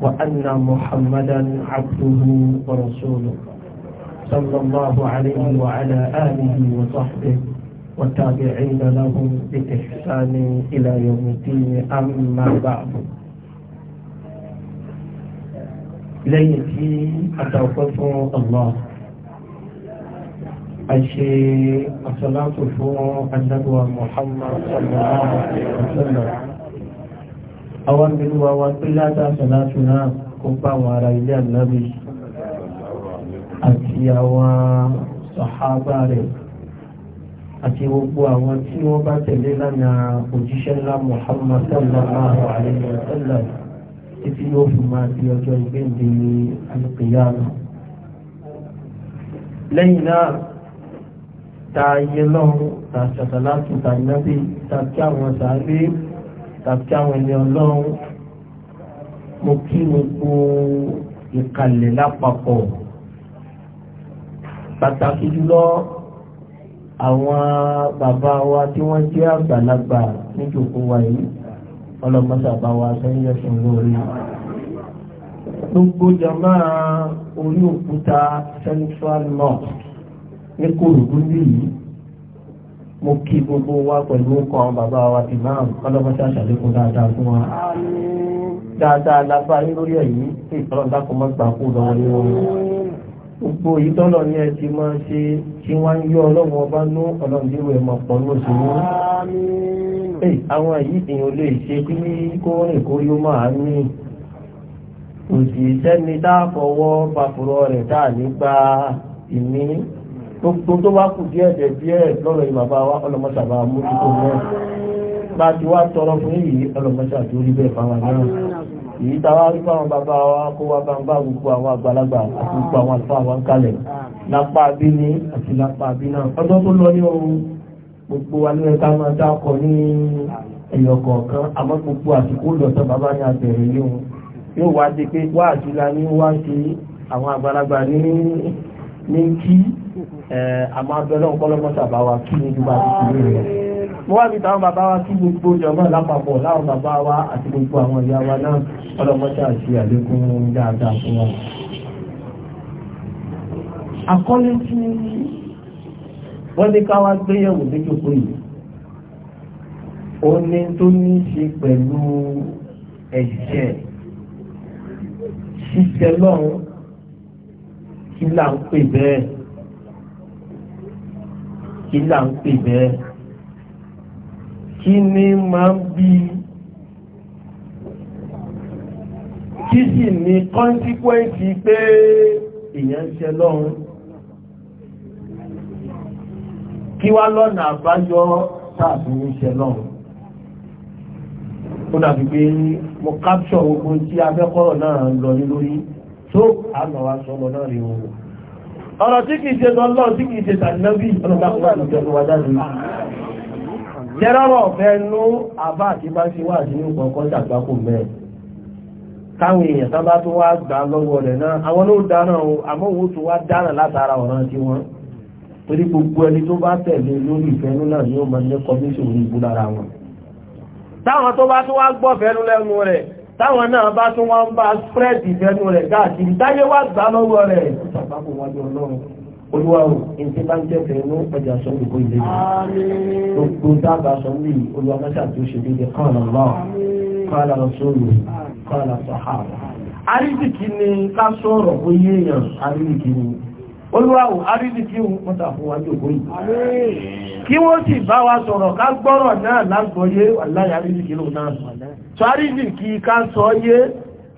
وأن محمدا عبده ورسوله صلى الله عليه وعلى آله وصحبه والتابعين لهم بإحسان إلى يوم الدين أما بعد ليتي أتوقف الله أشي الصلاة فوق النبوة محمد صلى الله عليه وسلم àwọn pẹ̀lú àwọn pé látàṣà láti náà kó bá àwọn ará ilé ànábì àti àwọn sàhábà rẹ̀ àti gbogbo àwọn tí wọ́n bá tẹ̀lé lánàá òjíṣẹ́ ńlá Muhammad sallallahu alayhi wa sallam títí yóò fi máa di ọjọ́ ìgbéǹde alùpùpù lẹ́yìn náà ta ayé lọ́run ta ṣàtàlátù ta nábì ta kí àwọn sàábé tàbí àwọn ẹni ọlọ́run mo kí gbogbo ìkàlẹ̀ lápapọ̀ pàtàkì jùlọ àwọn bàbá wa tí wọ́n jẹ́ àgbàlagbà níjòkó wa yìí ọlọ́mọsàbá wa sẹ́yìn ẹ̀sùn lórí gbogbo jama orí òkúta central north ní kòròdú yìí mo kí gbogbo wa pẹ̀lú ọkọ̀ àwọn bàbá wa ti máa ń kọ́lọ́mọ́sí àṣàlékún dáadáa fún wa dáadáa lábá yín lórí ẹ̀yìn tí ìtọ́lọ́ dákọ̀ mọ́ gbà kú lọ́wọ́ ní wọn gbogbo ìtọ́lọ̀ ní ẹ ti máa ṣe tí wọ́n ń yọ ọlọ́run ọba ní ọlọ́run bí wọ́n mọ̀ pọ̀ ní òṣèlú àwọn yìí èèyàn lè ṣe kí kó rìn kó yó máa ní kò sẹ́ni tá a rẹ̀ tá a ìmí gbogbo tó wá kù díẹ̀ dẹ̀ díẹ̀ lọ́rọ̀ yìí bàbá wa ọlọ́mọṣà bá a mójútó náà bá a ti wá tọrọ fún yìí ọlọ́mọṣà tó rí bẹ́ẹ̀ fáwọn náà èyí tá wá rí fáwọn bàbá wa kó wá bá ń bá gbogbo àwọn àgbàlagbà àti gbogbo àwọn àlùfáà wa ń kalẹ̀ lápá abí ní àti lápá abí náà ọjọ́ tó lọ ní ohun gbogbo wa lóye ká máa dákọ ní ẹ̀yọ̀ kọ̀ọ̀kan àmọ́ gbogbo àsìkò lọ́sọ̀ bàbá ní abẹ̀rẹ̀ ní ohun yóò wá di pé wá àti la ní wá sí àwọn àgbàlagbà ní ní kí àmọ́ abẹ́lẹ́ ọ̀pọ̀lọpọ̀ sábà wa kí ni dúpọ̀ àti kìlú rẹ̀. mo wá níta àwọn bàbá wa kí gbogbo jọ̀mọ́ lápapọ̀ láwọn bàbá wa àti gbogbo àwọn ìyá wa náà ọlọ́mọṣẹ́ àti àlékún dáadáa fún wọn. àkọ́lé tí wọ́n ní ká gbéyẹ̀wò níjòkó yìí ó tó ní ṣe pẹ̀lú ẹ̀jẹ̀ ṣíṣẹ́ lọ́run kí là ń pè bẹ́ẹ̀ kí là ń pè bẹ́ẹ̀ kí ni máa ń bí kí sì ni kọ́nsíkwẹ́ǹsì pé èèyàn ń ṣe lọ́run kí wá lọ́nà àbáyọ tààbí ń ṣe lọ́run ó dàbí pé mo capture ogun tí abẹ́kọ̀rọ̀ náà lọ ní lórí tó àmọ́ wa sọ́mọ náà rí ohun ọ̀rọ̀ tí kìí ṣe tọ́lọ́ tí kìí ṣe tàbí jẹ́rọ̀rọ̀ fẹ́nú àbá àti bá ṣe wà sí ìpọ̀ kan ṣàgbákò mẹ́ káwọn èèyàn tán bá tó wá gbà lọ́wọ́ rẹ̀ náà àwọn ló dáná o àmọ́ òun tó wá dáná látara ọ̀ràn tí wọ́n torí gbogbo ẹni tó bá tẹ̀lé lórí ìfẹ́nú náà ni ó máa ní kọmíṣọ̀ orí ìbú lára wọn táwọn tó bá tó wá gbọ́ fẹ́nú lẹ́nu rẹ̀ táwọn náà bá tún wọ́n bá spread ìfẹ́nu rẹ̀ káàkiri táyé wá gbà lọ́wọ́ rẹ̀ ìsàpapọ̀ wájú ọlọ́run olúwa o ètí bá ń tẹ̀fẹ̀ inú ọjà sọ́nù kó ilé yìí gbogbo dábàá sọ́nù yìí olúwa mẹ́ta tó ṣe déédéé kọ́ọ̀lá lọ́ọ̀ kọ́ọ̀lá lọ́sọ́ọ̀lù kọ́ọ̀lá sọ̀hárà. àrídìkì ni ká sọ̀rọ̀ ó yé èèyàn àrídìkì ni olúwa o àrídìkì ń pọ́tà fún wa jòkó yìí. kí wọ́n sì bá wa sọ̀rọ̀ ká gbọ́rọ̀ náà lágbọ́yé aláya àrídìkì lòun náà sọ̀rọ̀ so àríjì kí ká sọ yé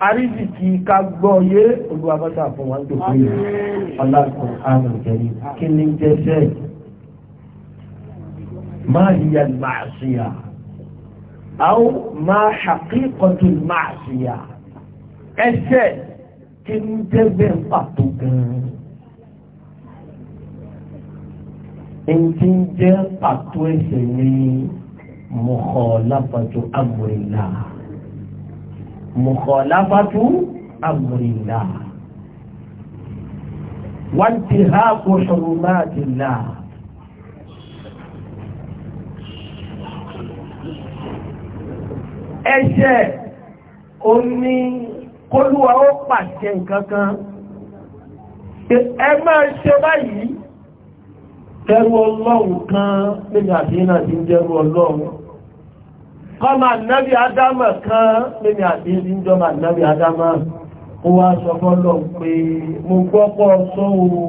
àríjì kí ká gbọ́ yé olúwàbátà fún wọn tó fún yìí aláàkùn àmàjẹrí kí ní jẹ́sẹ̀ máa yíya màásíyà àwọn máa ṣàkíkọ̀tún màásíyà ẹsẹ̀ kí ní jẹ́bẹ̀ pàtó gan-an ẹni tí ń jẹ́ pàtó ẹsẹ̀ ní mukhalafatu amrillah mukhalafatu amrillah wantihaku hurumatillah ẹ̀ṣẹ̀ ó ní kólúwa ó pàṣẹ nǹkan kan ẹ máa ṣe báyìí tẹ́rù ọlọ́run kan nígbàtí náà ti ń jẹ́rù ọlọ́run kọ́mà náàbí adámà kan lèmi àti ìjọba náàbí adámà ó wá sọ fọ́lọ̀ pé mo gbọ́pọ̀ sóòrò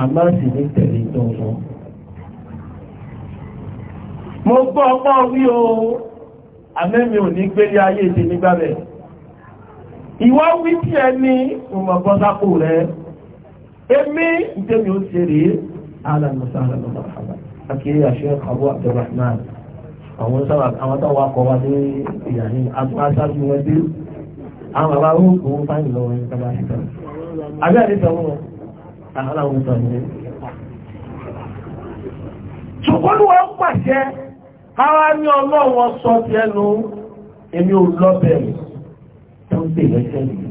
àmáàsì ní tẹ̀lé tọ́sọ mo gbọ́pọ̀ wí o àmẹ́mi ò ní gbélé ayé ti nígbàbẹ̀ ìwọ́ wí tí ẹ ní ọmọkọ́sápò rẹ èmi ìtẹ́mi ó ti rí alàmọ̀sá alàmọ̀sá àkíyà Sheikh Abu Abdurrahman àwọn sábà àwọn táwọn akọ wa ní ìyàní aṣáájú wọn dé àwọn bàbá ó kò ó fáyìn lọ wọn kábà ṣe tán abẹ́ àti sọ wọn àwọn àwọn sọ wọn. ṣùgbọ́n wọn pàṣẹ ara ní ọlọ́wọ́ sọ ti ẹnu èmi ò lọ́bẹ̀ tó ń pè lẹ́sẹ̀ yìí.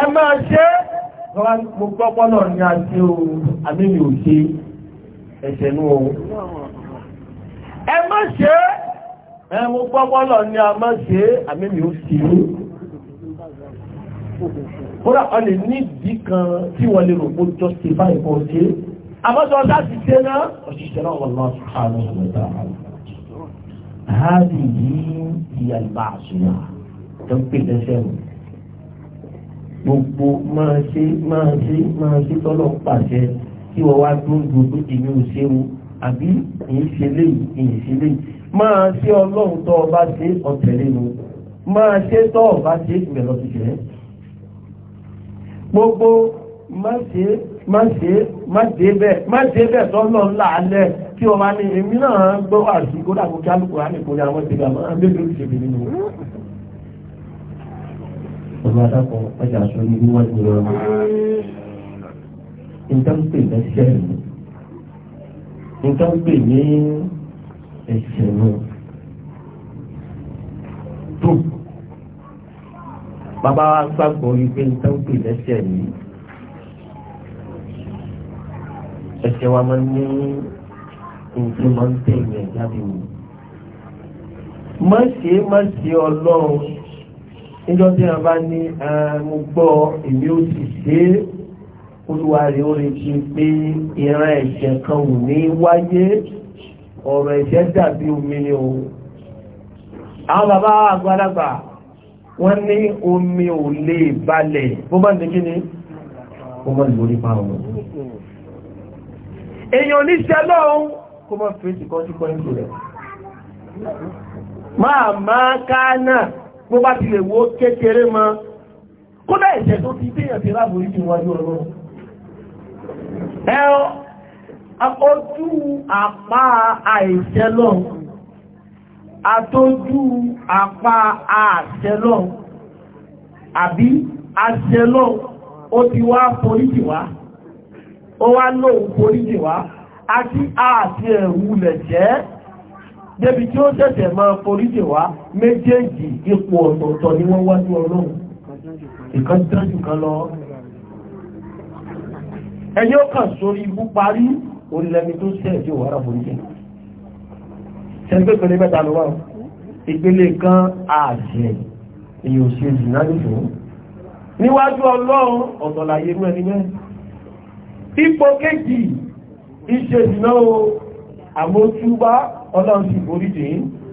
ẹ máa ṣe mo gbọ́pọ́ náà ní àti o àmì mi ò ṣe é ẹ̀ṣẹ̀ ní ohun ẹ má ṣe é ẹmú pọ́pọ́lọ̀ ni a má ṣe é àmìmì ó sì ní kódà ọ lè ní ìdí kan tí wọ́n lè rò pé justify kò ṣe é àmọ́sọ̀ ọ̀dá ti ṣe náà òṣìṣẹ́ náà wọ́n lọ sùpàánù ìwọ̀ta hádì yìí ìyá ìbá àṣùwà tó ń pè lẹ́sẹ̀ rẹ̀ gbogbo máa ṣe máa ṣe máa ṣe tọ́lọ́ pàṣẹ kí wọ́n wá tó ń du pé èmi ò ṣeun àbí èyí ṣe léyìí èyí ṣe léyìí máa ṣe ọlọ́run tó ọba ṣe ọ̀tẹ̀lé nu máa ṣe tó ọba ṣe ìgbẹ̀lọ́ ti jẹ́ gbogbo má ṣe má ṣe má ṣe bẹ́ẹ̀ má ṣe bẹ́ẹ̀ tó lọ ńlá alẹ́ kí wọ́n máa ní èmi náà gbọ́ àṣì kó kí alùpùpù rà nìkan ní àwọn ti gbà máa ń bẹ́ẹ̀ lórí ṣèbí nínú ọ̀rọ̀ adákan ọjà aṣọ ní wíwájú rẹ̀ nǹkan pè ní sẹ́ẹ̀lì nǹkan pè ní ẹ̀sẹ̀ náà tó bàbá wa gbàgbọ́ wípé nǹkan pè lẹ́sẹ̀ yìí ẹsẹ̀ wa máa ń ní nǹkan máa ń tẹ̀ ìyẹn jáde wò má ṣe má ṣe ọlọ́run níjọ́ tí a bá ní mo gbọ́ èmi ò sì ṣe é olúwa rẹ̀ ó lè fi pé ìran ẹ̀ṣẹ̀ kan ò ní wáyé ọ̀rọ̀ ẹ̀ṣẹ̀ dàbí omi ni o àwọn bàbá àgbàlagbà wọ́n ní omi ò lè balẹ̀ bó bá ní kíni ó mọ́ lórí pa wọn èèyàn oníṣẹ́ lọ́hún kó mọ́ fèsì kan sí kan rẹ̀ máa máa káánà bó bá ti lè wo kékeré mọ́ kódà ẹ̀ṣẹ̀ tó ti déyàn ti ráàbò ọlọ́run ojú àpá àìṣẹ́lọ́n àtójú àpá àṣẹ́lọ́n àbí àṣẹ́lọ́n ó ti wá foríjì wá ó wá lóòun foríjì wá àti àti ẹ̀wù lẹ̀ jẹ́ débi tí ó ṣẹ̀ṣẹ̀ máa foríjì wá méjèèjì ipò ọ̀tọ̀ọ̀tọ̀ ni wọ́n wájú ọlọ́run ìkan dájú kan lọ ẹni ó kàn sórí ibú parí olùlẹ́ni tó ṣe ẹ̀jẹ̀ òwárà foríjì sẹ́ńtẹ́ pẹ̀lú mẹ́ta ló wà ìpele kan àjẹ́ èyí ò ṣe jù náà nìṣó níwájú ọlọ́run ọ̀tọ̀ láyé irú ẹni mẹ́rin ipò kejì ìṣe jùlọ o àmójúbá ọlọ́run sì foríjì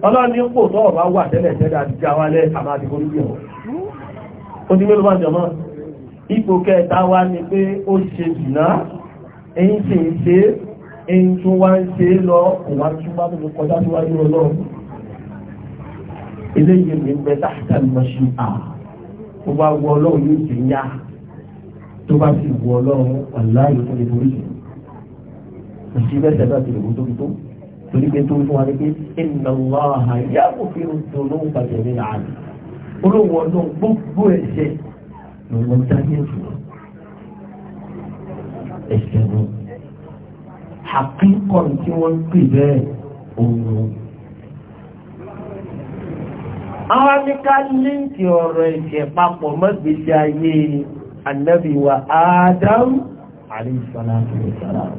ọlọ́run ní pò tó ọ̀rọ̀ wà tẹ́lẹ̀ tẹ́lẹ̀ àti jáwálẹ̀ àmà àti foríjì ọ̀ ipò kẹta wá ní pé ó ṣe jùlá èyí sì ń ṣe èyí tó wá ń ṣe lọ ìwà tó bá tó kọjá tó wáyé ọlọ́run eléyìí mi ń bẹ dáadáa lọ sí à tó bá wọ ọlọ́run yóò ṣe yá tó bá sì wọ ọlọ́run aláyò tó lè borí kò sí mẹ́sẹ̀ náà tó lè wọ́n tó tó torí pé tó ń fún wa ní pé inna Allaha yaghfiru dhunuba jami'an olóhùn ọdún gbogbo ẹ̀ṣẹ̀ ló ń dáyé fún ẹsẹ̀ lọ. àkíkọ́ tí wọ́n ń pè bẹ́ẹ̀ òun. àwọn amíkà líǹkì ọ̀rọ̀ ẹ̀jẹ̀ papọ̀ mọ́gbèsè ayé ànábì wa ádámù alayhi salatu wa salam.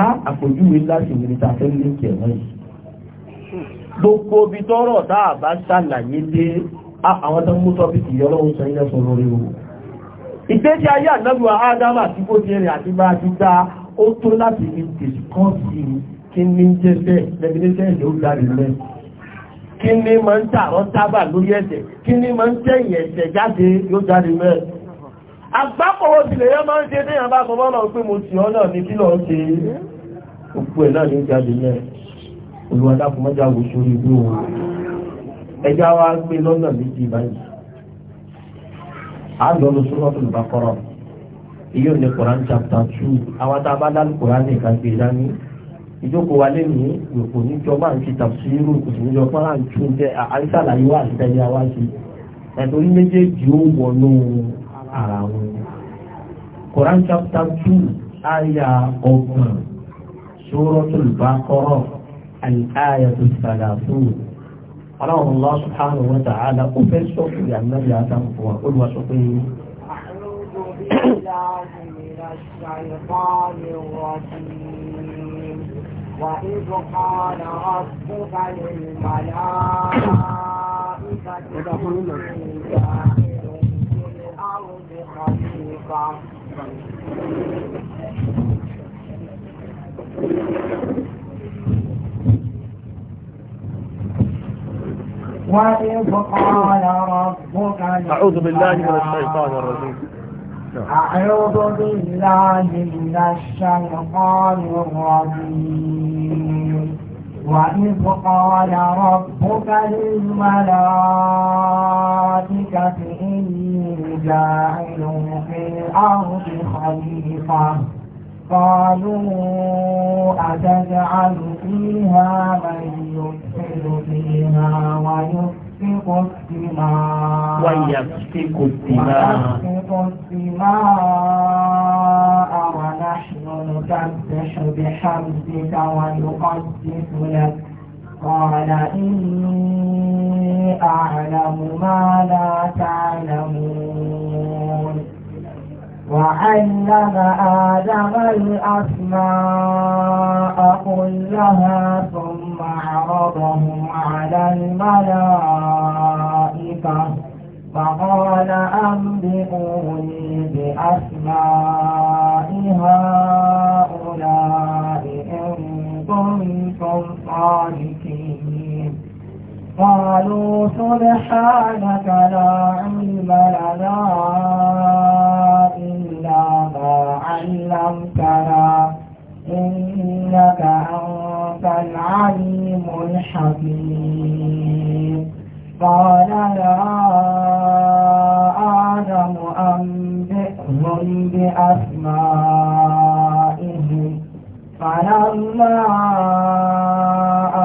a àpòjúwe láti wèrè tá a fẹ́ líǹkì ẹ̀rọ yìí. gbogbo ibi tọ́rọ̀ dáàbá ṣàlàyé dé àwọn tó ń mú tọ́pìkì yọ lọ́wọ́ sọ ilé sọ lórí òun ìgbésí ayé ànábì Ádámù àti bó ti rìn àti bá ti dá ó tó láti ní dìskọ́sì kí ní jẹ́ bẹ́ẹ̀ lẹ́gbẹ̀lẹ́sẹ̀ ìlú lárí rẹ̀ kí ní máa ń tààrọ́ tábà lórí ẹ̀sẹ̀ kí ní máa ń tẹ̀yìn ẹ̀sẹ̀ jáde yóò jáde rẹ̀ agbápọ̀wọ́ tilẹ̀ yẹn máa ń ṣe déyàn bá sọ lọ́nà pé mo tì ọ́ ní kí lọ́ọ́ ṣe òkú ẹ̀ náà ní jáde rẹ̀ olùwàdàkùnmọ́jà wò ibú ẹja wa gbé lọ́nà méjì báyìí àádọ́lù suratul Baqara iye òní Quran chapter two àwọn tá a bá dálù Quran nìkan gbé dání ìjókòó wa lẹ́nu ìpò níjọba àti tafsiru kò sì níjọba láti tún jẹ àìsàlàyé wa àti tẹ́lẹ̀ wa sí ẹ̀tọ́ ní méjèèjì ó wọnú ara wọn. Quran chapter two àyà ọgbọ̀n suratul Baqara àyà tó sàlàfún. حرام الله سبحانه وتعالى أفل صوت لأن النبي آدم هو قدوة صوتي أعوذ بالله من الشيطان الرجيم وإذ قال ربك للملائكة إني جاعل في الأرض خليفة وإذ قال ربك أعوذ بالله من الشيطان الرجيم أعوذ بالله من الشيطان الرجيم وإذ قال ربك للملائكة إني جاعل في الأرض خليفة قالوا أتجعل فيها من يفسد فيها ويسفك الدماء ويسفك الدماء ويسفك الدماء ونحن نسبح بحمدك ونقدس لك قال إني أعلم ما لا تعلمون وعلم آدم الأسماء كلها ثم عرضهم على الملائكة فقال أنبئوني بأسماء هؤلاء إن كنتم صادقين قالوا سبحانك لا علم لنا إلا ما علمتنا إنك أنت العليم الحكيم قال يا آدم أنبئهم بأسمائهم فلما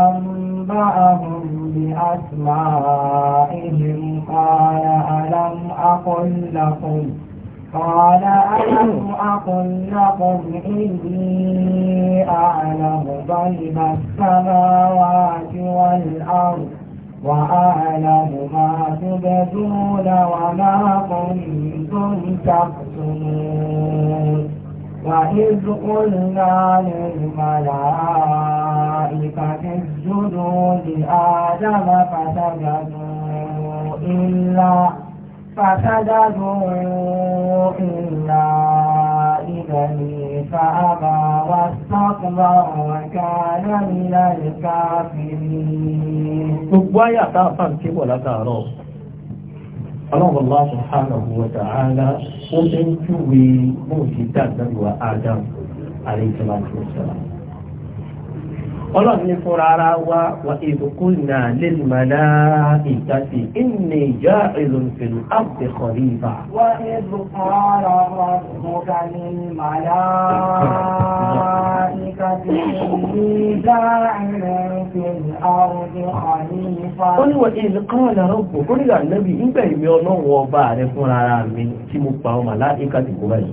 أنبأهم بأسمائهم قال ألم أقل لكم قال ألم أقل لكم إني أعلم غيب السماوات والأرض وأعلم ما تبدون وما كنتم تكتمون وإذ قلنا للملائكة اسجدوا لآدم فسجدوا إلا فسجدوا إلا إبليس فأبى واستكبر وكان من الكافرين. gbogbo ayé àtàfà ń ké bọ̀ látàárọ̀ ọlọ́run Allah subhanahu wa ta'ala ó ń júwe bóun ti dá ìdájọ́ Adam alayhi ọlọ́run ní fúnra ara wa wà ìbùkú náà lẹ́nu màdá ìtàsí ìnì ìjà èlò ìfèlú àbùkù kọ̀rí ibà. wà ìbùkú ara wa mọ̀ká ní màdá ìtàsí ìnì ìjà èlò ìfèlú àbùkù kọ̀rí ibà. ó ní wọ́n ìlú kan lọ́rọ̀ bò ó nígbà níbi nígbà ìmí ọlọ́run ọba rẹ fúnra ara mi tí mo pa ọmọ aláìka báyìí.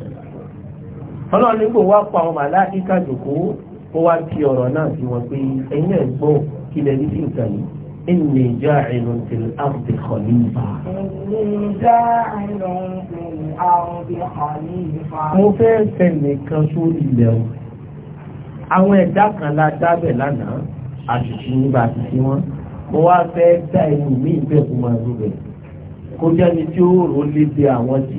ọlọ́run nígbà ó wá kí ọ̀rọ̀ náà sí wọn pé ẹ̀yin ẹ̀ gbọ́ kí lẹ ní sí nǹkan yìí inni ja'ilun fil ardi khalifa. inni ja'ilun fil ardi khalifa. mo fẹ́ sẹ́ni kan sórí ilẹ̀ o àwọn ẹ̀dá kan la dábẹ̀ lánàá àṣìṣe nígbà àṣìṣe wọn mo wá fẹ́ dá ẹnu mi ìgbẹ́kùn máa rú rẹ̀ kó jẹ́ni tí ó rò lébi àwọn tí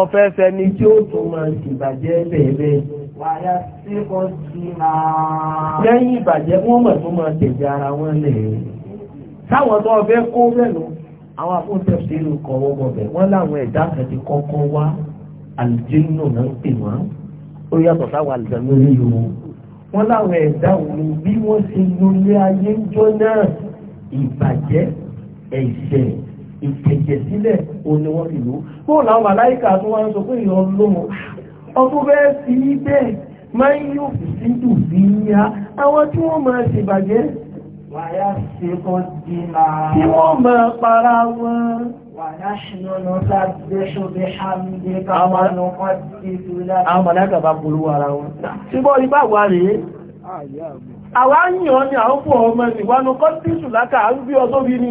ọ̀fẹ́ fẹni tí ó tún máa ń ṣèbàjẹ́ bẹ̀ẹ̀bẹ̀. lẹ́yìn ìbàjẹ́ wọ́n mọ̀ tó máa tẹ̀jẹ̀ ara wọn lẹ̀. táwọn tó ọbẹ̀ kó bẹ̀rù àwọn afúnṣẹ́ sílùú kan wọ́n mọ̀ bẹ̀ wọ́n láwọn ẹ̀dá kan ti kọ́kọ́ wá àlùjínú náà ń pè wọ́n ó yàtọ̀ táwọn àlùjánú rí o wọ́n láwọn ẹ̀dá òun bí wọ́n ṣe lólé ayé ń jọ náà ìbàjẹ́ ẹ̀ṣẹ̀ ìkẹ̀jẹ̀ sílẹ̀ òní wọ́n ìlú fún làwọn màláìkà tó wá ń sọ pé ìyọ̀ lóhun ọkùn bẹ́ẹ̀ sí bẹ́ẹ̀ máa ń yóò fi síndù sí ya àwọn tí wọ́n máa ṣèbàjẹ́ tí wọ́n máa para wọn àwọn màláìkà bá polówó ara wọn tí bọ́ ibá wà rèé àwọn yìí ọ ni àwọn fún ọmọ ìwánu kọ́ tí sùlákà ń bí ọ tóbi ni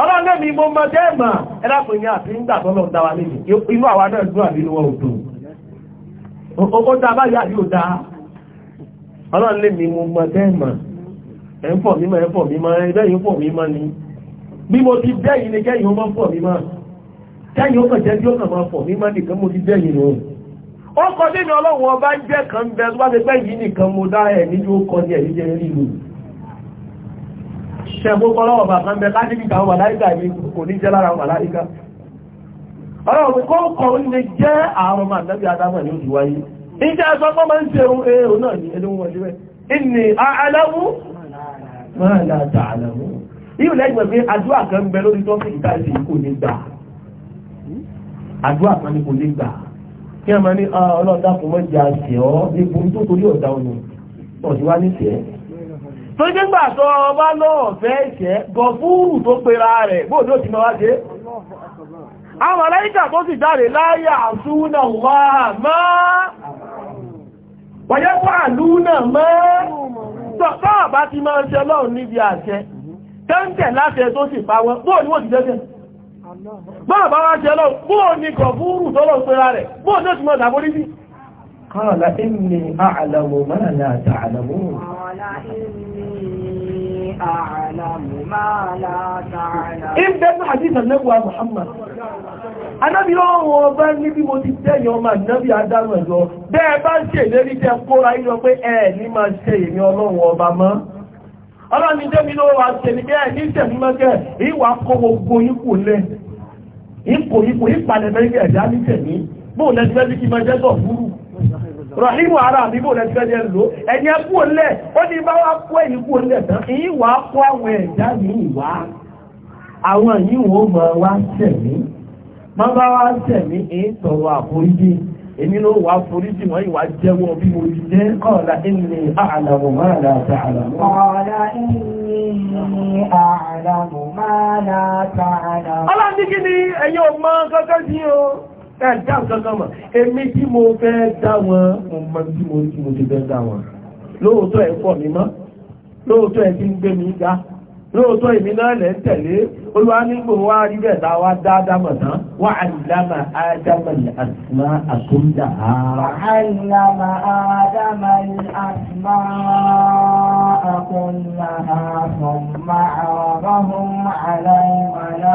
Ọlọ́run lẹ́mi mo mọ jẹ́ ìmọ̀ ẹlápìnrin àti ń gbàtọ́ lọ dáwà lè inú àwa náà dúró àbínú wọn òtò. Ó dá báyìí àbí ò dá. Ọlọ́run lẹ́mi mo mọ jẹ́ ìmọ̀ ẹ̀fọ̀ mímọ̀ ẹ̀fọ̀ mímọ̀ ẹ̀dẹ́yìn fọ̀ mímọ̀ ni. Bí mo ti dẹ́yìn ni kẹ́yìn ó mọ́ fọ̀ mímọ̀. Kẹ́yìn ó jẹ́ tí ó kàn máa fọ̀ mímọ̀ nìkan mo ti dẹ́yìn lòun ó kọ́ sí mi ọlọ́run ọba jẹ́ kan bẹ tó bá ti pẹ́ yìí nìkan mo dá ẹ̀ níjú ó kọ́ ní ẹ̀yí jẹ́ rí ṣẹ̀gbókọ́ lọ́wọ́ bàbá ń bẹ lájíkìkà àwọn màláìkà ní kò ní jẹ́ lára màláìkà ọlọ́run kọ́ kọ́ ní jẹ́ àwọn ọmọ àtàbí adámọ̀ ní oṣù wáyé ìjẹ́ ẹ̀sọ́ pọ́ máa ń ṣe ohun èrò náà ní ẹni wọn ṣe bẹ́ẹ̀ ìní àálẹ́mú máa là tà àlẹ́mú yìí lẹ́gbẹ̀ẹ́ pé àdúrà kan bẹ lórí tó fi ìta ìsìn kò ní gbà àdúrà kan ní kò ní gbà kí a máa ní ah, ọlọ́dà kò mọ́ jà sí ọ ní gbogbo tó jẹ́ gbà tó ọba lọ́wọ́ fẹ́ ìṣẹ́ gọ̀fúrù tó pera rẹ̀ bóòdó ti mọ́ wá ṣe àwọn aláìkà tó sì dáre láyà àṣúnà wà máa wọ́yẹ́ pàálú náà mọ́ tọ́ bá ti máa ṣe lọ́run níbi àṣẹ tẹ́ǹtẹ̀ láṣẹ tó sì pa wọn bóò ní wọ́n ti jẹ́jẹ́ bọ́ọ̀ bá wá ṣe lọ́run bóò ní gọ̀fúrù tó lọ́ قال إني أعلم ما لا تعلمون قال إني أعلم ala لا تعلمون إبدأ ọba níbi mo ti ọmọ bá ń ṣe ìlérí tẹ́ kóra yín pé ẹ̀ ní máa ṣe èmi ọlọ́run ọba mọ́ ọlọ́ni tẹ́mi ló ní ìwà gbogbo ipò ipò ipò ní bóun bí kí máa fúrú rahimu ara mi bò lẹ́tí fẹ́jẹ́ lò ẹ̀yẹ kú olẹ́ ó ní bá wá kú ẹ̀yìn kú olẹ́ tán èyí wà á kó àwọn ẹ̀dá ní ìwà àwọn yìí wọ́n mọ̀ wá sẹ̀mí má bá wá sẹ̀mí èyí tọrọ àforíjì èmi ló wà wọ́n ìwà jẹ́wọ́ bí mo ti jẹ́ kọ́ọ̀lá ilẹ̀ àlàmù ẹ kankan mọ̀ èmi tí mo fẹ́ dá wọn mo mọ bí mo tí mo ti fẹ́ dá wọn lóòótọ́ ẹ̀ pọ̀ mi lóòótọ́ ẹ̀ ti ń gbé mi ga lóòótọ́ èmi náà lẹ́ ń tẹ̀lé olúwa nígbò wá rí bẹ́ẹ̀ wá dá tán wà á lámà ádámà àtìmá àtúndà á. wà á lámà ádámà àtìmá àkúndà á fún màá rọ́hùn àlàyé màlá.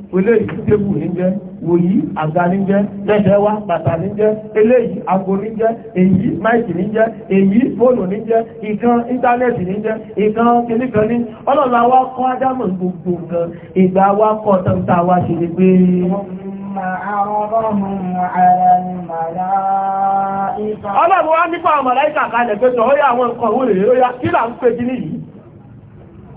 eléyìí tébù ní jẹ́ wòyí àga ní jẹ́ lẹ́sẹ̀ wá bàtà ní jẹ́ eléyìí ago ní jẹ́ èyí máìkì ní jẹ́ èyí fóònù ní jẹ́ ìkan íńtánẹ́ẹ̀tì ní jẹ́ ìkan kìnnìkan ní ọlọ́la wa kọ́ ádámù gbogbo nǹkan ìgbà wa kọ́ wa ṣe lè ọlọ́run wá nípa ó yá àwọn nǹkan òwúrẹ̀ yá kí là ń pè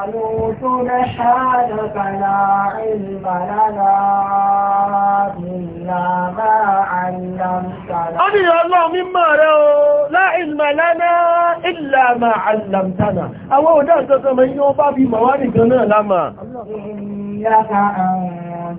قالوا سبحانك لا علم لنا إلا ما علمتنا أبي الله مما رأوا لا علم لنا إلا ما علمتنا أولا تسمى يوفا في موارد لنا لما إنك أنت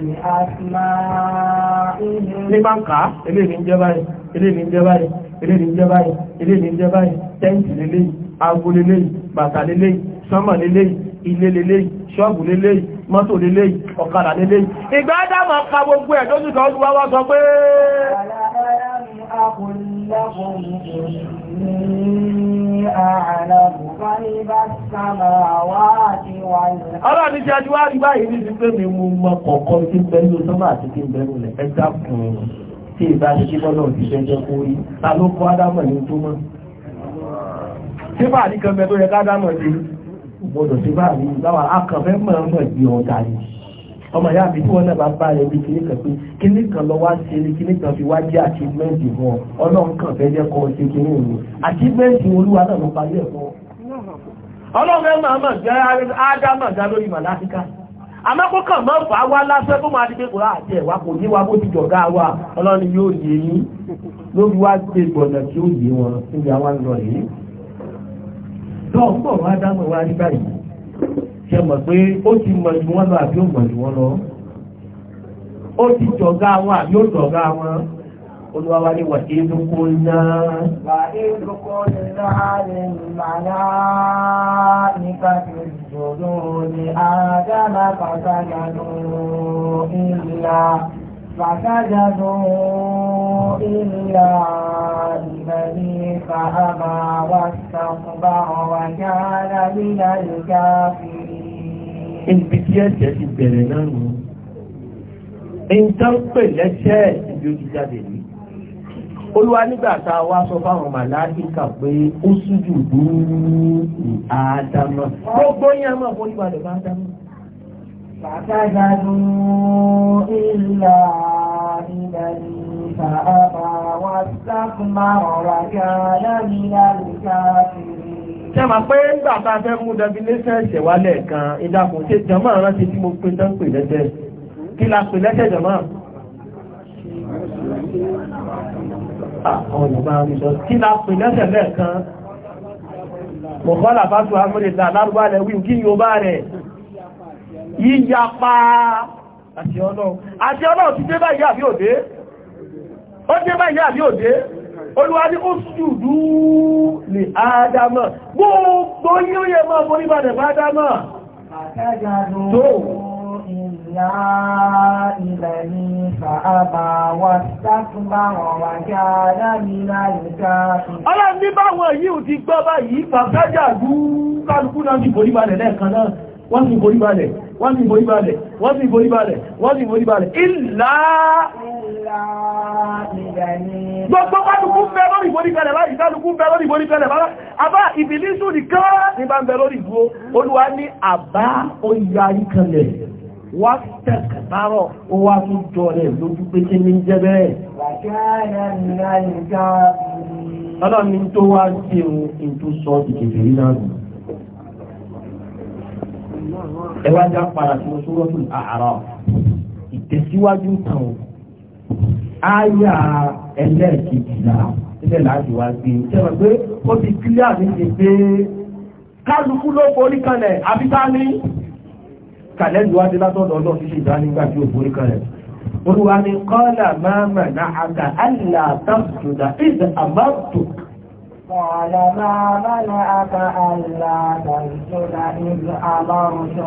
nígbà ń kàá ilé ní jẹ́ báyìí ilé ní jẹ́ báyìí ilé ní jẹ́ báyìí ilé ní jẹ́ báyìí tẹ́ǹtì lélẹ́ agbo lélẹ́ bàtà lélẹ́ sánmà lélẹ́ ilé lélẹ́ ṣọ́ọ̀bù lélẹ́ mọ́tò lélẹ́ ọ̀kadà lélẹ́ ìgbà dámọ̀ ka gbogbo ẹ̀ lójú kan olúwa wá sọ pé Àlàáfíà Ọlọ́run ní ṣe ajú wá rí báyìí ní ti pé mi mú mọ kọ̀ọ̀kọ́ tí ń bẹ̀rù sọ́mà àti tí ń bẹ̀rù rẹ̀ ẹja fún un tí ìbáṣe tí bọ́lọ̀ ti jẹjẹ kó rí. Ta ló kọ́ Ádámọ̀ ní tó mọ́? Ṣé bá àdíkan mẹ́ tó yẹ ká Ádámọ̀ dé? Gbọ́dọ̀ ṣe bá àrí ìgbáwà akànfẹ́ mọ̀ mọ̀ di ọmọ ya mi tí wọn náà bá bá rẹ bí kíní kan pé kíní kan lọ wá ṣe ni kíní kan fi wá jẹ achievement wọn ọlọ́run kan fẹ́ jẹ́ kọ́ ṣe kíní òun achievement olúwa náà ló parí ẹ̀ fún ọ. ọlọ́run ẹ máa mọ̀ jẹ́ ádámọ̀ ga lórí màláfíkà àmọ́ kó kàn mọ́ fà wá lásán tó máa di pé kò láti kò ní wa bó ti jọ̀gá wa ọlọ́run yóò yé yín lórí wá gbé gbọ̀nà tí ó yé wọn níbi àwọn àlọ́ yìí. tó ń bọ̀ wá dámọ̀ wá rí báyìí ṣe mọ̀ pé ó ti mọ̀ jù wọ́n lọ àbí ó mọ̀ jù wọ́n lọ ó ti jọ̀gá wọn àbí ó jọ̀gá wọn olúwawa ni wà édú kó ná. wà édú kó ná lè màlá nípa ti jòló ni àdámà pàtàkì ìlà فسجدوا إلا إبليس أبى واستكبر وكان من الكافرين ibi tí ẹ̀jẹ̀ ti bẹ̀rẹ̀ náà nù. nǹkan pè lẹ́sẹ̀ ibi ó ti jáde ní. olúwa nígbà tá a wá sọ fáwọn màláìka pé ó sújù dúró àádámà. gbogbo yẹn máa forí balẹ̀ bá dámà. فسجدوا إلا إبليس أبى واستكبر وكان من الكافرين ṣe máa pé nígbà tá a fẹ́ mú definition ẹ̀ṣẹ̀ wá lẹ́ẹ̀kan ìdàkùn ṣe jọmọ́ rántí tí mo pin tán pè lẹ́sẹ̀ kí la pè lẹ́sẹ̀ jọmọ́ ah, kí la pè lẹ́sẹ̀ lẹ́ẹ̀kan mọ̀kọ́lá bá tó amúrèdà lárúbá rẹ̀ wí kí yóò bá rẹ̀ yíyapa àti ọlọ́run àti ọlọ́run ti dé báyìí àbí òde ó dé báyìí àbí òde olúwa ní ó sùdúú lè ádámà gbogbo yíó yẹ máa borí bàdẹ̀ bá ádámà tó ìlà ilẹ̀ ní fàábà wà sákùnbáwọ̀ wà kí adámìlá ìta ọlá ní báwọn yíò ti gbọ́ báyìí pàtàjà lú kálukú náà ti borí bàdẹ̀ wọ́n sì borí balẹ̀ wọ́n sì borí balẹ̀ wọ́n sì borí balẹ̀ ìlà gbogbo kálukú bẹ lórí borí balẹ̀ báyìí kálukú bẹ lórí borí balẹ̀ bára àbá ìbìlísù nìkan ní bá ń bẹ lórí ìdúró olúwa ní àbá oyà ìkànlẹ̀ wá tẹ̀kẹ̀tàrọ̀ ó wá tún jọ rẹ̀ lójú pé kí ní jẹ́ bẹ́ẹ̀ ọlọ́run tó wá sí ohun ìtúsọ́ ìkèfèrí náà ẹ wá já padà sí Suratul ìtẹ̀síwájú kan o àyà ẹlẹ́ẹ̀kejìlá níbẹ̀ láti wá gbé sẹ́wọ̀n pé ó ti kílíà ti pé kálukú ló forí kalẹ̀ àbíká kàlẹ́lù wá látọ̀dọ̀ ọlọ́ fi ṣe ìdánigba tí ó forí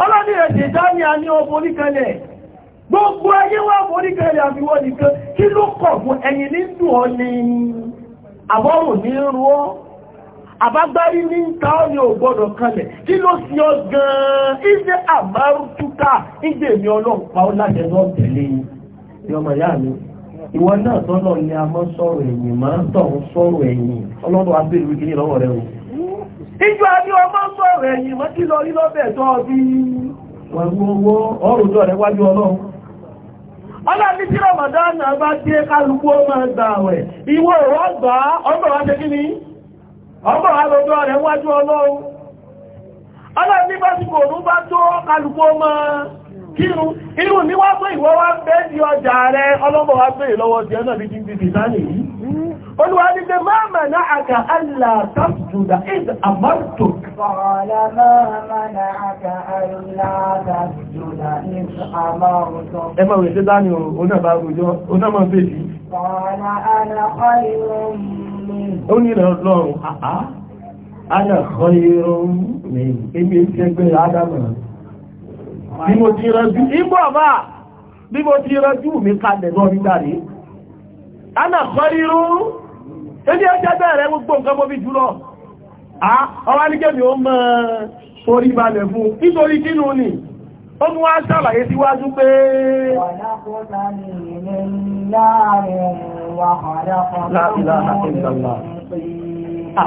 Ọlọ́dí ẹ̀ṣẹ̀ dání a ní ọmọ oníkẹlẹ̀. Gbogbo ayé wá mọ̀ oníkẹlẹ̀ àfiwọ́ nìkan kí ló kọ̀ fún ẹ̀yìn ní dùn ọ ní àbọ́rùn ní rú ọ́. Àbágbárí ní ń ta ní ògbọ́dọ̀ kanlẹ̀. Kí ló sí ọ gan-an? Ìṣẹ́ àmárùtúkà, ìwọ náà tọ́lọ̀ ni a mọ́ ma ẹ̀yìn máa ń tọ̀ ẹ̀yìn ọlọ́dọ̀ abẹ́rù kìíní lọ́wọ́ rẹ̀ o. ìjọ ni ọmọ sọ̀rọ̀ ẹ̀yìn mọ́ kí lọ rí lọ́bẹ̀ tọ́ bí wọ́wọ́ ọrùn tó rẹ̀ wájú ọlọ́run. ọlọ́run. kírun irú ní wá pé ìwọ wá bẹ́ di ọjà rẹ ọlọ́bọ̀ wá pé ìlọ́wọ́ ti ẹ̀nà bí jíjí ti sáà nìyí hmm. ní pé máa mẹ́ náà àkà àlà tàbùdà ìd àmọ́tò ẹmọ̀ rẹ̀ tí dáni onábà rújọ onámọ̀ bèbí ó ní ìrẹ̀ ọlọ́run bí mo ti rẹjú ìbọ̀ bá bí mo ti rẹjú mi kalẹ̀ lọ rí dáre ana kọ́rírú ebi ẹjẹ́ bẹ̀rẹ̀ gbogbo nǹkan mọ́ jùlọ ọwá ní kẹ́mi ó mọ́ orí balẹ̀ fún nítorí kínú ni ó mú wá sàlàyé síwájú pé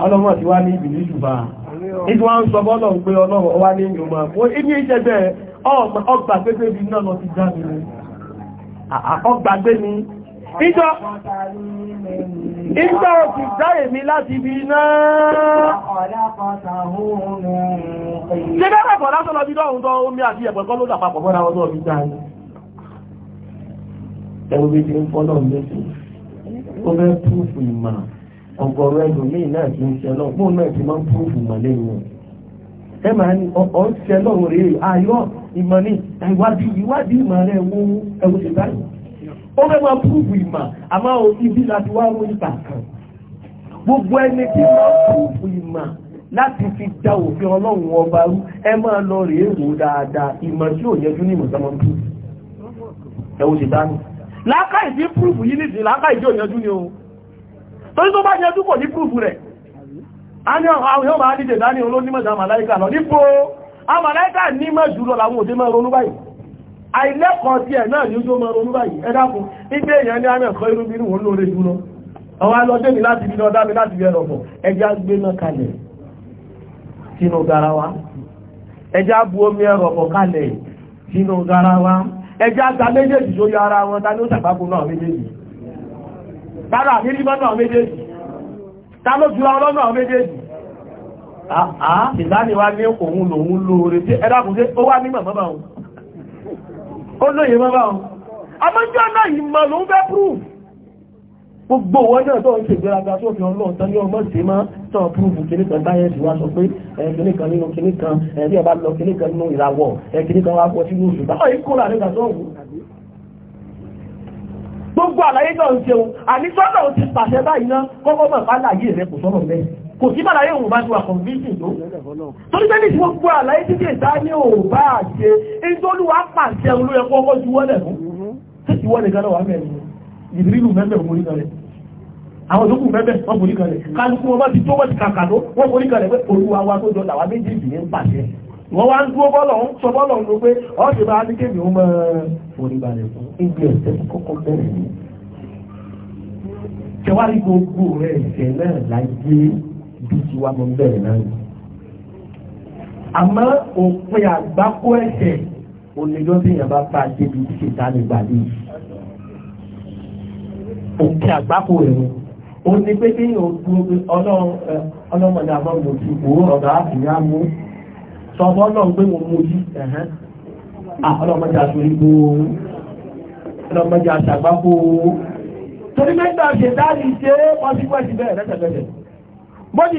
ọlọ́mọ̀ ti wá ní ìbìlì jù bá ìtùwá ń sọ bọ́lọ̀ pé ọlọ́run ọwá ní ìyọ̀mọ̀ ọgbà pépé bí náà lọ ti já mi rẹ̀ ọgbà gbé mi ìjọ ìjọ òkú járe mi láti ibi iná ṣe bẹ́rẹ̀ pọ̀ lásán lọ bí lọ́run tó omi àti ẹ̀pọ̀ kọ́ ló dàpapọ̀ mọ́ra ọdún ọ̀bí járe ẹ̀rù ẹ máa ní ọ̀ ń ṣe lọ́rùn rèé ayọ́ ah, ìmọ̀ ní ah, ìwádìí ìwádìí ìmọ̀ rẹ̀ wo ẹ̀wọ̀n ṣe báyìí ó fẹ́ máa púrùfù ìmọ̀ àmọ́ ibi láti wá rú ìgbà kan gbogbo ẹni tí máa púrùfù ìmọ̀ láti fi da òfin ọlọ́run ọba rú ẹ máa lọ rèé wò dáadáa ìmọ̀ tí ò yẹjú ní ìmọ̀ sọmọ púrùfù ẹ̀wọ̀n ṣe báyìí lákàìsí púrùfù yìí nìsín lákàìsí ò yẹjú ni o torí tó bá yẹjú kò ní púrùfù rẹ̀ a ní ọ̀rọ̀ àwọn yóò máa dìde dání olónímọ̀já màláíkà lọ nípo a màláíkà nímọ̀ jùlọ làwọn òde máa ronú báyìí àìlẹ́kọ̀ọ́ ti ẹ̀ náà ni ó jó máa ronú báyìí ẹ dákun ibi èèyàn ní àmì ẹ̀kọ́ irú bínú wọn lóore jùlọ àwọn alọ́dé mi láti bí lọ́dá mi láti bí ẹlọ́fọ̀ ẹjá gbé náà kalẹ̀ garawa ẹjá bu omi ẹrọ̀fọ̀ kalẹ̀ garawa ẹjá ta méjèèjì sórí ara wọn ta ní ó sàgbákun náà méjèèjì tára àmì rí ta ló jùlọ ọlọ́nà àwọn méjèèjì àá ah, ah, ìdáni wá ní òun lòun lóore tí ẹ̀dá kò sí ó wá ní màmá báwọn ó lóye mọ́ báwọn àmọ́jọ́ náà ìmọ̀ ló ń fẹ́ proof gbogbo owó náà tó ń ṣe ìgbéraga tó fi ọlọ́run tán ní ọmọ sí máa tán púrùbù kìíní kan táyẹ̀ sí wá sọ pé kìíní kan nínú kìíní kan bí ẹ bá lọ kìíní kan nínú ìràwọ̀ kìíní kan wá pọ̀ sínú òṣùpá ọ̀ ikú rà nígbà tó ń wù gbogbo àlàyé náà ń jẹun àní sọ́nà ò ti pàṣẹ báyìí ná kọ́kọ́ mọ̀ bá láyé rẹ kò sọ́nà mẹ́ kò sí bàlàyé òun bá ti wà convincing tó torí pé ní ti gbogbo àlàyé títí ìta ní òun bá ṣe ìjọlúwa pàṣẹ olóyẹ kọ́kọ́ ju wọ́lẹ̀ fún tí ti wọ́lẹ̀ gan wà mẹ́rin ìdírílù mẹ́mẹ́ òun nìkan rẹ̀ àwọn ìdókù mẹ́mẹ́ wọ́n borí kan rẹ̀ kálukú wọn bá ti tó wọ́n ti kàkà tó wọ́n borí kan rẹ̀ pé olúwa wa tó jọ làwa méjì ìdílé ń pàṣẹ wọ́n wá ń dúró bọ́lọ̀ ń sọ bọ́lọ̀ ń pé ọ́n ti ní kébì ó máa forí fún ibi ẹ̀sẹ̀ kọ́kọ́ bẹ̀rẹ̀ ni. kẹwàá gbogbo rẹ̀ ẹ̀sẹ̀ náà láyé bí ti wá mọ́ bẹ̀rẹ̀ náà àmọ́ òpin ẹ̀sẹ̀ onídọ́ tí bá bá gbàdé. òpin rẹ̀ sọ̀bọ́ náà pé wọ́n mú yí ẹ̀hán ọlọ́mọdé àtòrí bó ọlọ́mọdé àtàgbá bó torí mẹ́ta ṣe dáàlì ṣe consequence bẹ́ẹ̀ rẹ́tẹ̀lẹ́tẹ̀ bó ti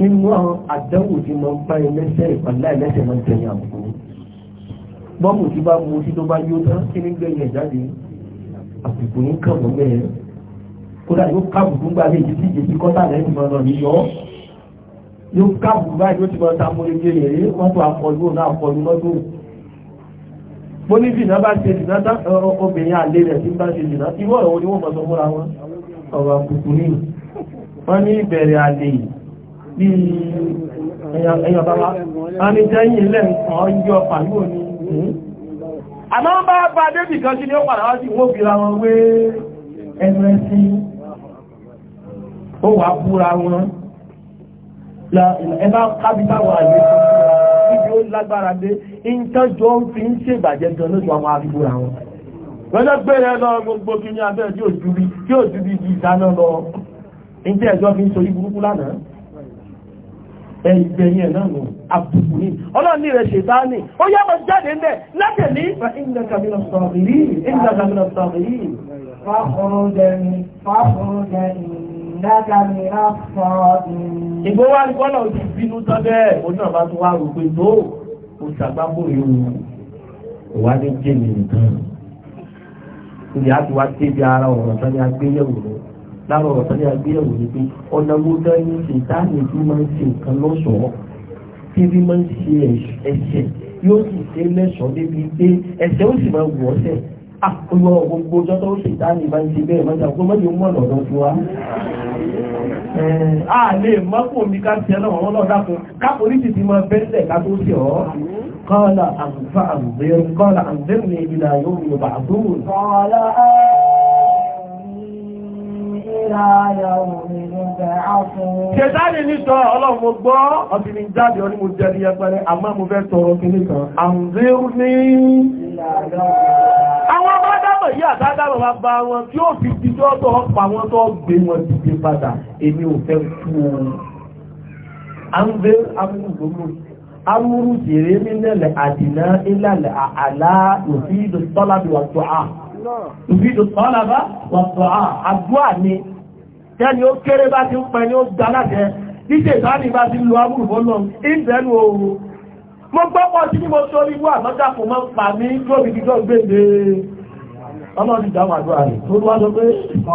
nínú àwọn àdánwò tí mo ń bá ẹ lẹ́sẹ̀ ìpàdé lẹ́sẹ̀ máa ń tẹ̀lé àbùkù bọ́ọ̀mù tí bá mu tí tó bá yó tán kí ní gbẹ̀yìn ẹ̀ jáde àbùkù ní kàn mọ́ bẹ́ẹ̀ kódà yóò kábùkù gbà lé ìdí síje tí kọ́tà lẹ́yìn máa lọ níyọ́ yóò kábùkù báyìí yóò ti máa ta mọ́lẹ́gbẹ̀ rẹ̀ wọ́n tó akọ̀lú náà akọ̀lú lọ́dún bóníbì náà bá ṣe ìdìná obìnrin àlè rẹ̀ tí bá ṣe ìdìná irú ọ̀rọ̀ wo ni wọ́n mọ̀ sọ wọn ọ̀rọ̀ àbùkù ní wọ́n ní ìbẹ̀rẹ̀ àlè yìí bí ẹ̀yàn bàbá àmì jẹ́yìn ilẹ̀ nǹkan yíò pàlúwò ní àmọ́ bá bá débì kan sí ní ó padà wá sí wọ́n fi ra wọn wé ẹnu ẹsí ó wà búra wọn ẹbá kábítà wà lé ibi ó lágbára dé ìtọ́jọ́ fi ń ṣèbàjẹ́ gan lóṣù àwọn àfibúra wọn wọ́n gbẹ̀rẹ̀ lọ gbogbo kí ní abẹ́ tí ò ju bí ìdáná lọ ní tí fi ń sorí burúkú lánàá ẹgbẹ̀yìn ẹ̀ náà nù àbùkù ní ọlọ́run ní rẹ̀ ṣètáni ó yá mọ̀ jáde ń bẹ̀ lẹ́tẹ̀ ní ìgbà kàmínà sọ̀rìlì ìgbà kàmínà sọ̀rìlì ìgbówá ní kọ́nà ti bínú tán bẹ́ẹ̀ ó náà bá tún wá rò pé tó ó ṣàgbábò yóò wà ní jẹ́ nìkan ìyá tí wá tẹ́bi ara ọ̀rọ̀ tán ni a lára ọ̀rọ̀ tọ́lẹ́ agbéyẹ̀wò ni pé ọ̀nà gbọ́dọ̀ ní ṣètáàmì tí máa ń ṣe nǹkan lọ́ṣọ̀ọ́ tí bí máa ń ṣe ẹ̀ṣẹ̀ yóò sì ṣe lẹ́ṣọ̀ọ́ débi pé ẹ̀ṣẹ̀ ó sì máa wù ọ́ sẹ̀ àkóyọ ah, gbogbo ọjọ́ tó ṣètáàmì máa ń ṣe bẹ́ẹ̀ máa ń ṣàkóso máa ń mú ọ̀nà ọ̀dọ́ fún wa. a lè má kò ká ṣe ọlọ́run ọlọ́dà fún kápò ní ti ti máa bẹ́sẹ̀ ká tó ṣe ọ́ قال فأنظر قال أنظرني إلى يوم يبعثون قال Ṣètáni ní ọlọ́run mo gbọ́, ọdí ni jáde ọ mo jẹ́ ní ẹgbẹ́rẹ́, àmọ́ mo fẹ́ tọrọ kìíní kan. Àmúzírú ní àwọn ọmọ dámọ̀ yí àtàdámọ̀ bá bá wọn tí ó fi ti tó tọ́ pa wọn tó gbé padà, èmi ò fẹ́ tẹ́ni ó kéré bá ti ń pẹ ní ó dá lájẹ́ níṣẹ́ ìbáni bá ti lo amúrùbọ́ náà ìbẹ̀nu ooru mo gbọ́pọ̀ sí ní mo sọ ní wà mọ́jáfò mọ́ pa ní lóbi jíjọ́ gbèdè ọlọ́dún ìdáhùn àdúrà rẹ̀ tó wá sọ pé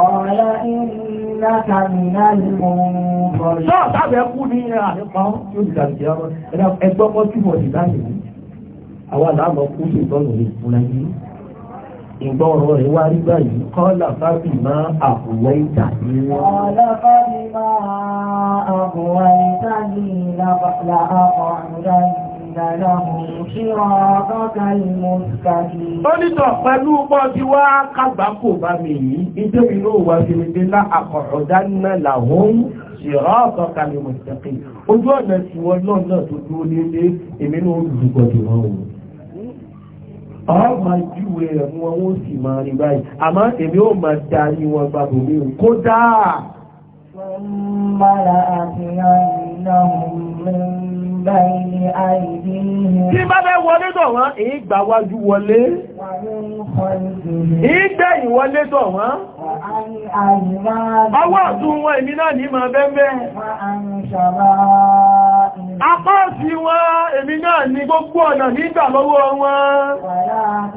ọ̀rẹ́ ìrìnàkàmìnà ìgbọ́rọ̀ rẹ̀ wá rí báyìí kọ́lá fábì máa àbúwẹ́ ìjà ní wọ́n. kọ́lá fábì máa àbúwẹ́ ìjà ní ìlàbàlà àkọ̀ọ̀rẹ́ Ó nítọ̀ pẹ̀lú pọ́ tí wá kàgbà kò bá mi yìí, ìdébì ló wà sí mi dé lá àkọ̀ọ̀dá náà làwọn ṣìrọ́ ọ̀tọ̀ kalẹ̀ mọ̀ ìtẹ̀kì. Ojú ọ̀nà tí wọ́n náà tó dúró nílé, èmi náà ń dùgbọ̀ dùn wọn òun ọ máa júwe rẹ̀ fún wọn wọ́n sì máa rí báyìí àmọ́ èmi ó máa darí wọn gbàgbọ́ mi ò kódà. Mọ́ra àfihàn iná mi bá ilé àìdí ni. bá bẹ́ wọlé tọ̀ wọ́n, èyí gbà wájú wọlé. Ìgbẹ̀yìn wọlé tọ̀ wọ́n. Ọwọ́ ọ̀tún wọn ní máa bẹ́ẹ̀ apá sí wọn èmi náà ní gbogbo ọ̀nà nígbà lọ́wọ́ wọn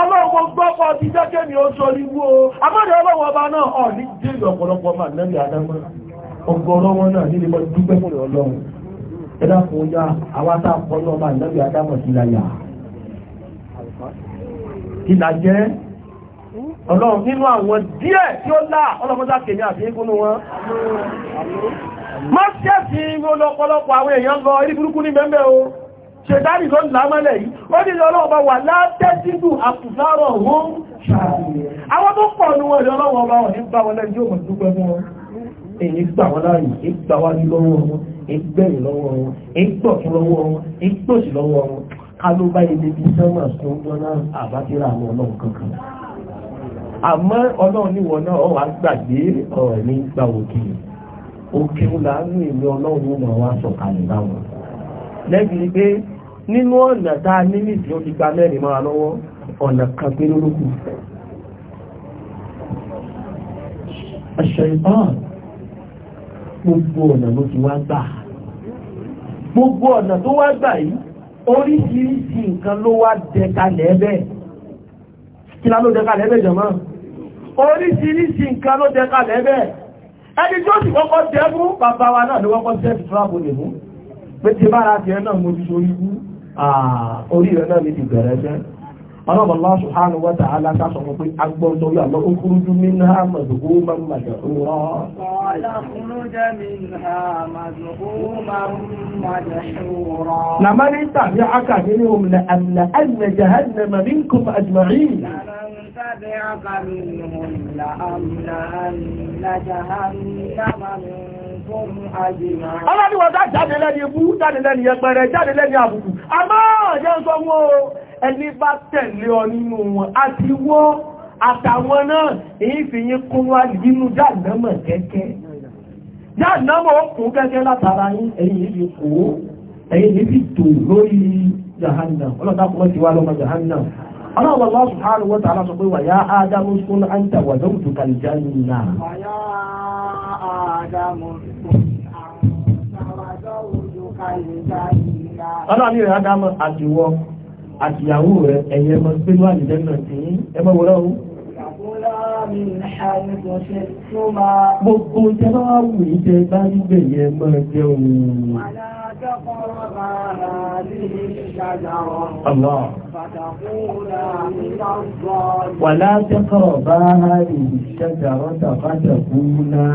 ọlọ́wọ́ gbọ́pọ̀ ti jẹ́kẹ́ ni ó sọríwó agbọ́dẹ̀ ọlọ́wọ́ ọba náà ọ̀ ní jẹ́ ọ̀pọ̀lọpọ̀ máa lẹ́lẹ̀ adámọ́ ọgọ́rọ́ wọn náà nílé mọ́ dúpẹ́ fún ọlọ́run ẹ̀dàkùn ya àwátà pọ́lọ́ máa lẹ́lẹ̀ adámọ́ sí láyà ọlọ́run nínú àwọn díẹ̀ tí ó láà ọlọ́mọdá kèmí àti ìkúnnú wọn má ṣẹ́ sí ọlọ́pọ̀lọpọ̀ àwọn èèyàn lọ irí burúkú ní mẹ́mẹ́ o ṣèdárì ló ń lámẹ́lẹ̀ yìí ó nílò ọlọ́ọ̀bá wà látẹ́sídù àkùsárọ̀ òun àwọn tó pọ̀ ní wọn ìrọlọ́wọ́ ọba wọn ní bá wọn lẹ́jọ́ mọ̀ dúpẹ́ mọ́ èyí gbà wọn láàyè ìgbà wá ní lọ́wọ́ wọn ìgbẹ̀yìn lọ́wọ́ wọn ìgbọ̀tún lọ́wọ́ wọn àmọ́ ọlọ́run níwọ náà ọ wá gbàgbé ọ̀rọ̀ ní gba òkè òkè làánú èmi ọlọ́run mọ̀ wá sọ̀kalẹ̀ báwọn. lẹ́yìn pé nínú ọ̀nà tá a ní nìsí ó ti gba mẹ́rin mọ́ra lọ́wọ́ ọ̀nà kan pé lórúkú. aṣọ ìbọn gbogbo ọ̀nà ló ti wá gbà gbogbo ọ̀nà tó wá gbà yìí oríṣiríṣi nǹkan ló wá dẹ̀kalẹ̀ ẹ̀bẹ̀ kí ló dẹ̀kalẹ̀ ẹ̀bẹ̀ jọ̀mọ́ oríṣiríṣi nǹkan ló jẹ kalẹ̀ bẹ́ẹ̀ ẹni tó sì kọ́kọ́ jẹ́ fún bàbá wa náà ló kọ́kọ́ jẹ́ ìtúrábù lè mú pé ti bára ti ẹ̀ náà mo ti sórí wú orí rẹ̀ náà mi ti bẹ̀rẹ̀ jẹ́ ọlọ́bọ̀ Allah subhanahu wa ta'ala sọ pé agbọ́n tó yà lọ ukhruj minha madhuman madhura. Lamani tàbí akàdé ní òmìnira àmìnà àmìnà jahannama minkum ajma'in. تبعك منهن لأملأن جهنم منكم أجمعين Ọlọ́ni wọ́n dá jáde lẹ́ni ibú, jáde lẹ́ni ẹgbẹ̀rẹ̀, jáde lẹ́ni àbùkù. A máa jẹ́ sọ wọ́n ẹni bá tẹ̀lé ọ nínú wọn, a ti wọ́ àtàwọn náà èyí fi yí kún wá nínú jáàdámọ̀ kẹ́kẹ́. Jáàdámọ̀ ó kún kẹ́kẹ́ látara yín, ẹ̀yìn ìfi kò, ẹ̀yìn ìfi tò lórí Jahannam. Ọlọ́dá kọ́ ti wá lọ́mọ Jahannam ọlọ́run Allah subhanahu wa ta'ala sọ pé wà yá ádámù sún àǹtà wà lóòtú kàlìjà nìyí náà. wà yá ádámù sún náà. ọlọ́run rẹ̀ ádámù àtiwọ́ àtìyàwó rẹ̀ ẹ̀yẹ mọ̀ pé wà ní lẹ́nu wọ́n lọ́wọ́. gbogbo tẹ bá wù í jẹ bá rí bẹ̀yẹ mọ̀ jẹun. الله ولا تقربا هذه الشجرة فتكونا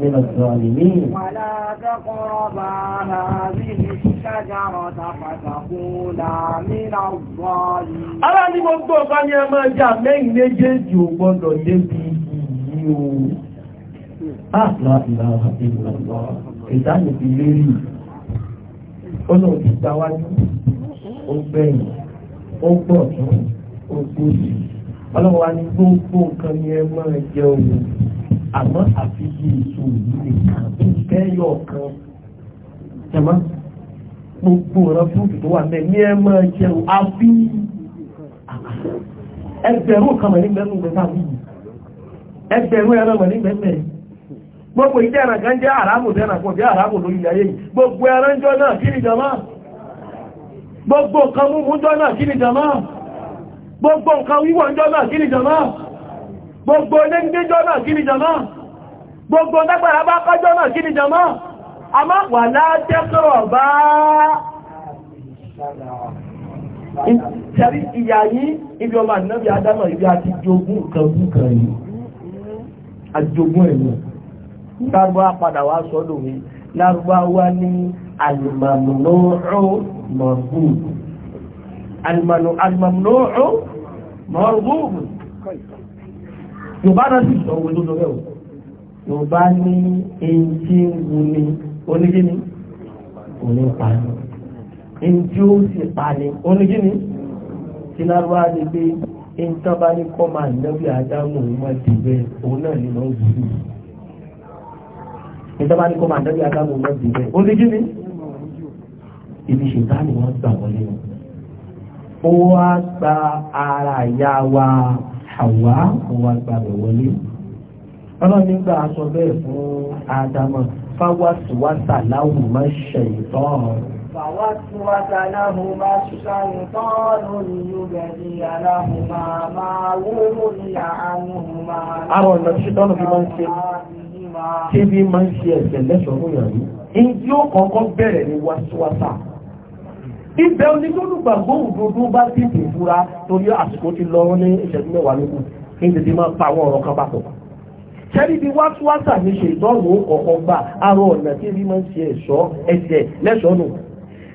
من الظالمين ولا تقربا هذه الشجرة فتكونا من الظالمين أرى ni gbogbo ọba ni a máa jà mẹ́rin méjèèjì ò gbọ́dọ̀ débi yìí o. Ààlá ìlàrà ìlàlá ó lọ ti gba wájú ó gbẹ̀yìn ó gbọ̀ tún ó gbòòsì ọlọ́wọ́ wa ní gbogbo nǹkan ni ẹ máa jẹ òun àmọ́ àfi bí èso yìí nìkan tó kẹ́yọ̀ kan jẹ̀mọ́ gbogbo ọ̀rọ̀ fúrúkì tó wà ní ẹ̀mí ẹ máa jẹ òun àfi ẹgbẹ̀rún kan mọ̀ ní mẹ́rin mẹ́ta bí ẹgbẹ̀rún ẹ̀rọ mọ̀ ní mẹ́rin gbogbo ìjẹ́ ẹ̀ràn kan jẹ́ àràbò tẹ́ràn kan jẹ́ àràbò lórí ayé yìí gbogbo ẹranjọ́ náà kí ni jama gbogbo nǹkan múmújọ́ náà kí ni jama gbogbo nǹkan wíwọ̀njọ́ náà kí ni jama gbogbo onígbéjọ́ náà kí ni jama gbogbo dágbàrá bá kọjọ́ náà kí ni jama a máa wà látẹ́kọ̀ọ́ bá ṣẹ̀rí ìyà yìí ibi ọmọ ànábì adámọ̀ ibi àti jogún kan kú kan yìí àjogún ẹ̀yìn lárúbáwá padà wá sọ́dọ̀ mi lárúbáwá ní alìmọ̀nùnúrù mọ̀rùbù alìmọ̀nùnúrù mọ̀rùbù yorùbá náà sì sọ owó lórí ẹ̀ yorùbá ní ẹnjí wuni onígíní onípani ẹnjí ó sì pani onígíní tí lárúbáwá ní pé ẹnjí ní kọ́ máa nẹ́bí ajá mọ̀ bẹ́ẹ̀ òun náà ní wọ́n wù ìjọba ní kó máa dẹ́bí adágún ọmọ ìdí bẹ́ẹ̀ ó ní kí ni ibi ṣètá ni wọ́n gbà wọlé wọn. ó wá gba ara ìyá wa àwa ó wá gba bẹ̀ wọlé. ọlọ́run nígbà aṣọ bẹ́ẹ̀ fún ádámọ̀ fáwọ́síwáṣà láwù má ṣe ìtọ́ فوسوس لهما الشيطان ليبدي لهما tí bí máa ń ṣe ẹ̀sẹ̀ lẹ́sọ̀ọ́ fún yàrá yìí tí ó kọ́kọ́ bẹ̀rẹ̀ ní wáṣíwáṣá ibẹ̀ onígbòdùgbàgbò òdodo bá tètè fura torí àsìkò ti lọ ní ìṣẹ́jú mẹ́wàá lókù kí n tètè máa pa àwọn ọ̀rọ̀ kan papọ̀ sẹ́ni bí wáṣíwáṣá ní ṣe ìdánwò kọ̀ọ̀kan gbà arọ ọ̀nà tí bí máa ń ṣe ẹ̀ṣọ́ ẹ̀sẹ̀ lẹ́sọ̀ọ́ nù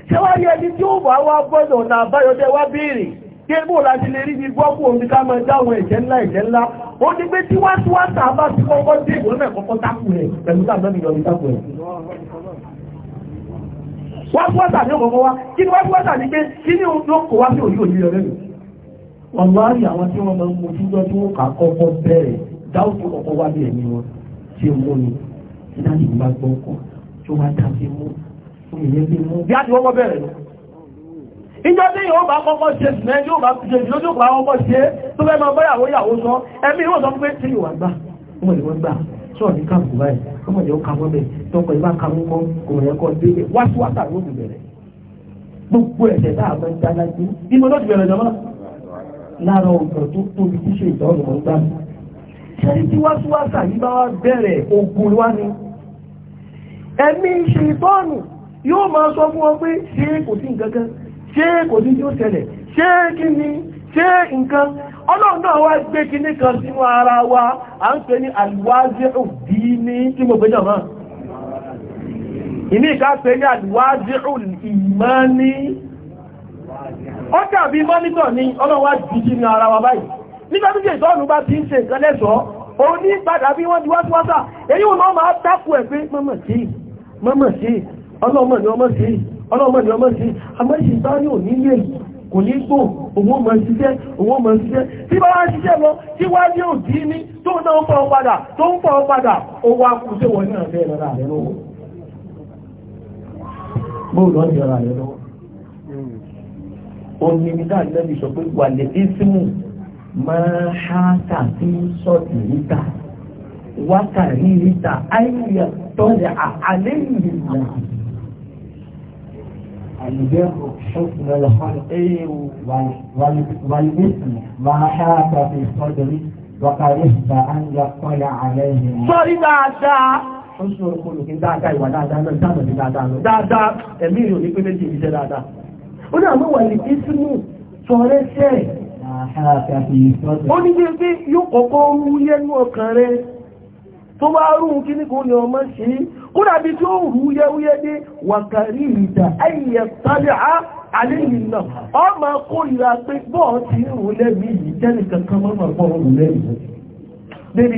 ṣé wá rí ẹni tí ó wà wá gbọ́dọ̀ ọ̀nà àbáyọ̀dẹ́ wá béèrè kébò láti lè rí ní gbọ́pù omi ká máa dáwọn ẹ̀jẹ̀ ńlá ẹ̀jẹ̀ ńlá ó ní pé tí wá tí wá tà bá kọ́kọ́ dé ìwọ́n náà kọ́kọ́ tápù rẹ̀ pẹ̀lú tàbí ọmọ ìyọ̀mí tápù rẹ̀ wá tí wá tà ní ọmọ wá kí ni wá tí wá tà ní pé kí ni ó kò wá sí òyí òyí rẹ̀ lẹ́nu bá rí àwọn tí wọn máa ń mú ìjọ tí yóò bá kọ́kọ́ ṣe ṣẹ́ yóò bá ṣe lójú pa ọkọ́ ṣe tó fẹ́ máa bọ́yàwó yàwó sọ ẹ̀mí yóò sọ pé tí yóò wà gbà ọmọ ìwọ̀n gbà sọ̀rọ̀ ní káàkù báyìí ọmọ ìyẹn kà wọ́n bẹ̀ tọkọ̀ ìbá ka mú mọ́ kò rẹ̀ kọ́ délé wáṣíwáṣà ló ti bẹ̀rẹ̀ gbogbo ẹ̀ṣẹ̀ ti bẹ̀rẹ̀ jọmọ́ lára ọ̀gbọ̀n tó tóbi tí ṣe ìtọ́nù mọ́ gbà mí ṣẹ́rí tí wáṣíwáṣà yìí ẹ̀mí ṣe ìtọ́nù yóò máa sọ fún wọn pé ṣé kò sí nǹkan se kò ní tí ó tẹ̀lẹ̀ ṣe kí ni ṣé nǹkan náà wá gbé kí ní kan sínú ara wa a ń pè ní àlùwájẹ́ òbí ní kí mo gbẹ́jọ̀ mọ́ ìní ìká pè ní àlùwájẹ́ ìmọ́ ní ó mọ́nítọ̀ ní ọlọ́run wá ní ara wa báyìí ọlọ́mọdé ọmọ sí amẹ́sì bá ní òní lè kò ní gbò owó mọ̀ ṣiṣẹ́ owó mọ̀ ṣiṣẹ́ tí bá wá ṣiṣẹ́ lọ tí wá ní òdí ní tó náà ń pọ̀ padà tó ń pọ̀ padà ó wá kú sí wọn náà bẹ́ẹ̀ lọ́ra rẹ lọ́wọ́ bó lọ́ sí ọ̀rọ̀ rẹ lọ́wọ́ omi ní البر حسن الخلق والمثل ما حاك في صدري وكرهت أن يطلع عليه صلى ṣúṣú olùkọlù kí dáadáa ìwà dáadáa náà dáadáa ní dáadáa lọ dáadáa ẹ̀mí ìrò ní pé méjì ìṣẹ́ dáadáa ó ní àwọn wà ní ìsúnú tọrẹ́sẹ̀ ó ní pé yóò kọ́kọ́ tó wá rúun kí ní kò ní ọmọ ṣe kó dàbí tí ó rú yẹ́wúyẹ́ dé wàkàrí ìdá ẹ̀yẹ tàbí á àléyìn náà ọmọ kó ìrà pé bọ́ọ̀ ti rú lẹ́bí yìí jẹ́nì kankan mọ́mọ́ bọ́ rú lẹ́bí débi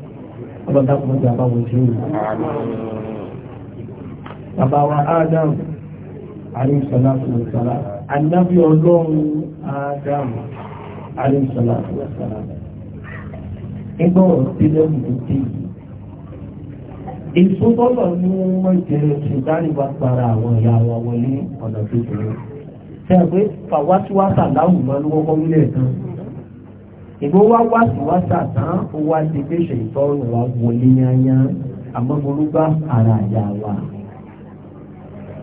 ọlọ́dá kún ti àbáwọn tí ó rí bàbá wa Adam àríṣọ́lá fún ìsọ́lá ànábì ọlọ́run Adam àríṣọ́lá fún ìsọ́lá nígbà ọ̀rọ̀ tí lẹ́nu tó dé èso tọ́lọ̀ ní wọ́n mọ̀ jẹ́ ṣùgbọ́nìwà para àwọn ìyá wa wọlé ọ̀nà tó dúró tẹ́ pé ìgbó wá wá sí wá sàtán ó wá ti pé ṣe ìtọ́rùn wa wọlé yányá àmọ́ morúgbà ara àyà wa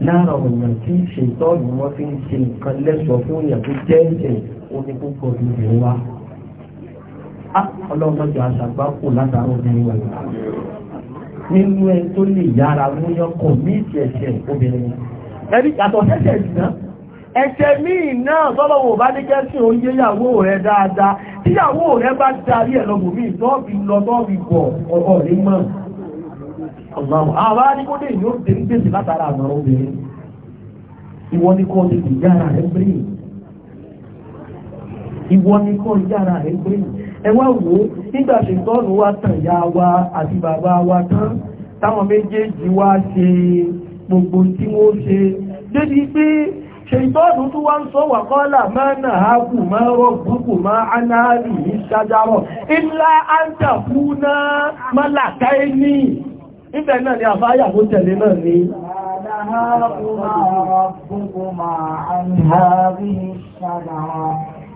lára ọ̀nà tí ṣe ìtọ́rùn wọn fi ń ṣe nǹkan lẹ́sọ̀ọ́ fún èèyàn tó jẹ́ ẹ̀jẹ̀ omi púpọ̀ tó lè wá ah, ọlọ́mọdé àṣàgbá kò látàrí obìnrin wà nínú ẹ tó lè yára múyán kọ̀ mí ìtì ẹ̀ṣẹ̀ obìnrin ẹ̀rí àtọ̀ṣẹ̀ṣẹ̀ ìdìnnà ẹ̀ṣẹ̀ míì náà tọ́lọ́wọ̀ bá ní kẹ́sìn oúnjẹ ìyàwó rẹ̀ dáadáa tí ìyàwó rẹ̀ bá darí ẹ̀ míì tọ́ọ̀bì lọ tọ́ọ̀bì bọ̀ ọ̀rọ̀ rí mọ́ àwọn aráníkódé dé ń gbèsè látara ni ni wa ya wa ṣètọ́nù tó wá ń sọ wà kọ́lá máa nà á kù máa rọ̀ gbogbo máa anáàrí ní ṣájárọ̀ ilá àjàkú náà mọ́làká ní ibẹ̀ náà ni àfáyà tó tẹ̀lé náà ní Àdáhá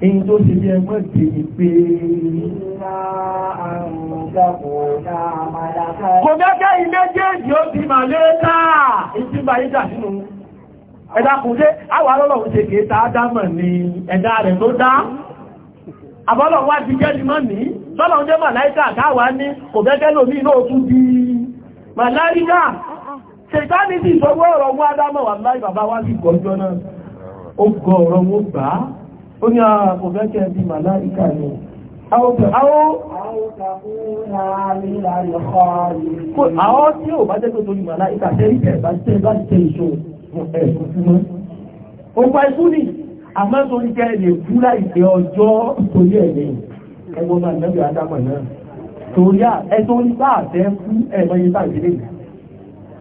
in tó ṣe bí ẹgbẹ́ ti ní pé kò gẹ́gẹ́ ìmẹ́jẹ́jì ó ti mà lẹ́ta ìtí bá yíjà sínú ẹ̀dà kò dé àwà lọ́lọ́ ṣe kìí ta ádámọ̀ ní ẹ̀dà rẹ̀ ló dá àbọ́lọ̀ wá ti jẹ́ dimọ́ ní lọ́lọ́ jẹ́ màláíkà káwà ní kò gẹ́gẹ́ lómi náà tún bí màláíkà ṣètánì sí ìṣọwọ́ ọ̀rọ̀ mú ádámọ̀ wà láì bàbá wá sí ìkọjọ́ náà ó gọ ọ̀rọ̀ mú gbàá ó ní àpòfẹ́kẹ́ ah, bí màláìkà ni àwọn tí ò bá jẹ́ tó torí màláìkà tẹ́ríkẹ̀ bá jẹ́ láti tẹ́ ìṣò ẹ̀sùn fún mọ́ ọgbà ikú ni àmọ́ tó ní kẹ́ lè kú láìpẹ́ ọjọ́ torí ẹ̀lẹ́ ẹgbọ́n máa nẹ́bẹ̀ adámọ̀ náà torí ẹ̀tọ́ ní bá àfẹ́ kú ẹ̀mọ́ yìí bá ìdílé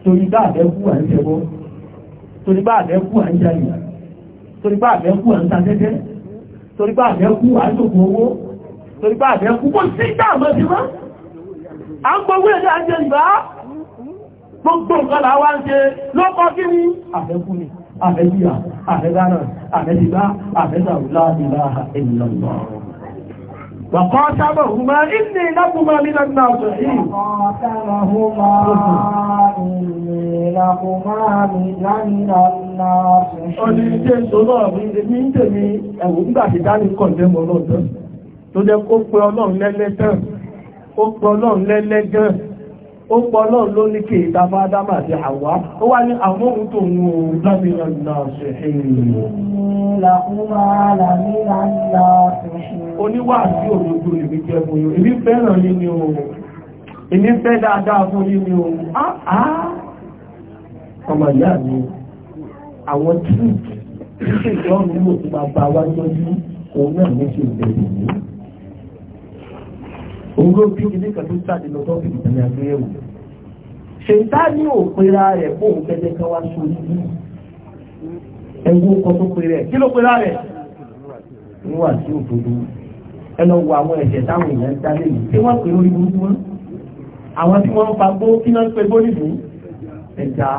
torí bá àfẹ́ kú à ń tẹ́bọ́ torí bá àfẹ́ kú à ń jayè torí bá àfẹ́ à ń ta tẹ́tẹ́ torí bá àbẹ́kú àjòkó owó torí bá àbẹ́kú kó sí dáàmọ́ sí mọ́ a ń gbogbo èdè àjẹ ìbá gbogbo nǹkan làwá ń ṣe lọ́kọ́ kí ni àbẹ́kú ni àbẹ́bíyà àbẹ́gánà àbẹ́dìbá àbẹ́dàwùlá ìlà ìlànà وقاتمهما إني لكما من الناصحين وقاتمهما إني لكما من الناصحين Ọdí ilé ìṣòlọ́ ọ̀rin ní tèmi ẹ̀wù ń gbà ti dání kọ̀dẹ́ mọ̀ lọ́dọ́. Tó jẹ́ kó pẹ ọlọ́run lẹ́lẹ́tàn, ó pẹ ọlọ́run lẹ́lẹ́gàn, ó pẹ ọlọ́run ló ní kí ìdámá Ádámà àti Àwá. Ó wá ní àwọn ohun tó ń oníwàásí òdodo èmi jẹ́ fún yín èmi fẹ́ràn yín ni o èmi fẹ́ dáadáa fún yín ni o ọmọ ìyá mi àwọn tíìtì títí ìjọ́rùn ún òtún bàbá wa lójú òun náà ní ṣe ìbẹ̀rù mi òun ló bí ilé kan tó jáde lọ sọ́ọ̀fì ìtàlẹ̀ àgbéyẹ̀wò ṣèǹtà ní òpera rẹ̀ fún òun kẹ́kẹ́ kan wá sórí yìí ẹ̀wọ̀n kan tó pera rẹ̀ kí ló pera rẹ̀ níwà sí òdodo ẹ lọ wo àwọn ẹ̀jẹ̀ táwọn èèyàn ń dá lẹ́yìn tí wọ́n pè lórí burúkú wọn àwọn tí wọ́n ń pa gbó kí náà ń pe gbó nìbú ẹ̀dá.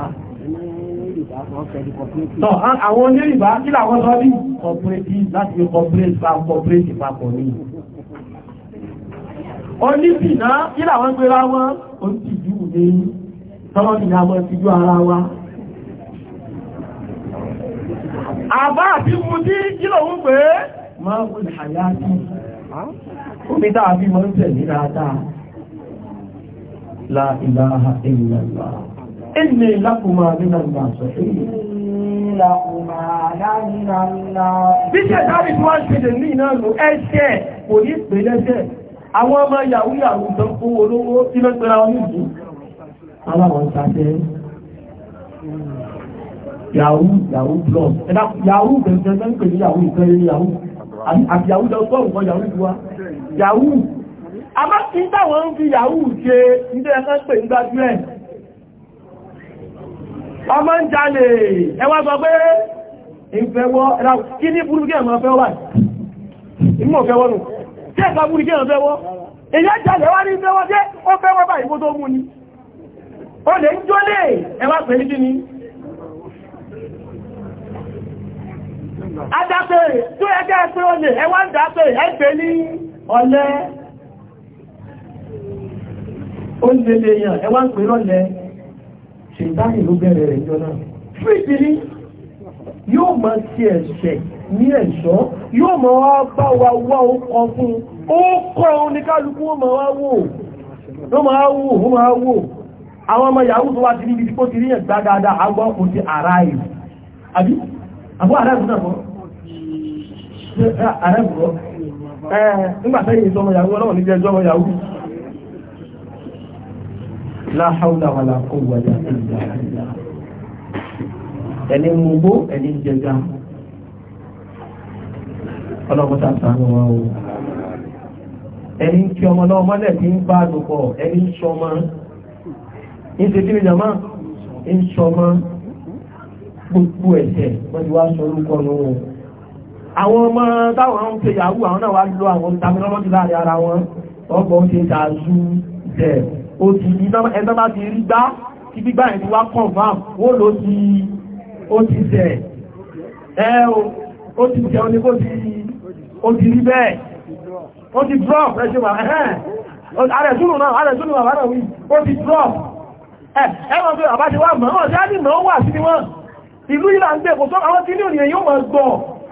tọ́ àwọn onírìbá kí làwọn sọ bí cooperative láti fi cooperative pa cooperative papọ̀ ní. oníbìnà kí làwọn gbéra wọn oníbìjú ní tọ́lọ́dì ní àwọn ìfijú ara wa àbá àti mú kí lòun pé máa wọ́n ìhàyà sí omi dáa bí mọ́ ń tẹ̀lé dáadáa la ilaha illallah inni lakuma nínú ìgbà sọ Bíṣẹ̀ tàbí tí wọ́n ṣe ní iná lò ẹṣẹ́ kò ní Àwọn ọmọ yàwó yàwó tó kó olówó tí ló pẹ́ra wọn nìjú. Aláwọn ṣàṣẹ́ àti yahoo jọ kan yahoo wa yahoo a máa ti dáwọn ń fi yahoo ṣe ilé ẹ̀kan pè ń gbájú ẹ̀ ọmọ ń jalè ẹwà sọ pé ìfẹ́wọ́ ẹ̀rọ kí ní burúkú ẹ̀mọ́ fẹ́ wà ìmọ̀ fẹ́wọ́ nù tí ẹ̀ka burúkú ẹ̀mọ́ fẹ́wọ́ èyí jalè wá ní fẹ́wọ́ jẹ́ ó fẹ́wọ́ báyìí kó tó mú ni ó lè ń jólè ẹwà pẹ̀lú kí ni adápẹ́ tó ẹgbẹ́ pé ó lè ẹwà ń dápẹ́ ẹgbẹ́ ní ọlẹ́ ó lè lè yàn ẹwà ń pè rọ́lẹ́ ṣètáyì ló bẹ̀rẹ̀ rẹ̀ jọ náà fíìtì ní yóò máa ti ẹ̀ṣẹ̀ ní ẹ̀ṣọ́ yóò máa bá wa wá ó kọ fún ó kọ́ òun ní kálukú ó máa wò ó máa wò ó máa wò àwọn ọmọ yahoo tó wá ti rí ibi tí kò ti rí yẹn gbádáadáa agbọ́n kò ti àráyè àbí àbúrò àráyè náà àrẹ́bùrọ̀ nígbàtẹ́yìn ìsọmọ yahoo ọlọ́wọ̀ ní jẹ́ ìsọmọ yahoo la hawla wala quwwata illa billah ẹni mú bó ẹni jẹga ọlọ́pọ̀ta sànú wa o ẹni kí ọmọ náà mọ́lẹ̀ tí ń bá àdùpọ̀ ẹni ṣọmọ ń ṣe kí ni jàmá ń gbogbo ẹ̀ṣẹ̀ wọ́n ti wá sọ orúkọ nù àwọn ọmọ táwọn ń pe yahoo àwọn náà wá lo àwọn tàbílọ́mọ́tì láàrin ara wọn ọgbọ̀n ṣe dàzú jẹ́ ó ti ẹgbẹ́ bá ti rí gbá tí gbígbà ẹ̀ ti wá confam wó ló ti ó ti jẹ́ ẹ ó ti jẹ́ ó ní kó ti ó ti rí bẹ́ẹ̀ ó ti drop ẹṣẹ́ wà ẹ̀hẹ́n àrẹ̀súnù náà àrẹ̀súnù wà wárẹ̀ wí ó ti drop ẹ̀wọ̀n pé àbájẹ́wà mọ́ ọ̀sẹ́ á ní mọ́ wà sí ni wọ́n ìlú ìlànà ìgbẹ̀kọ̀ tó àwọn tí ní ònìyàn yóò mọ̀ gbọ́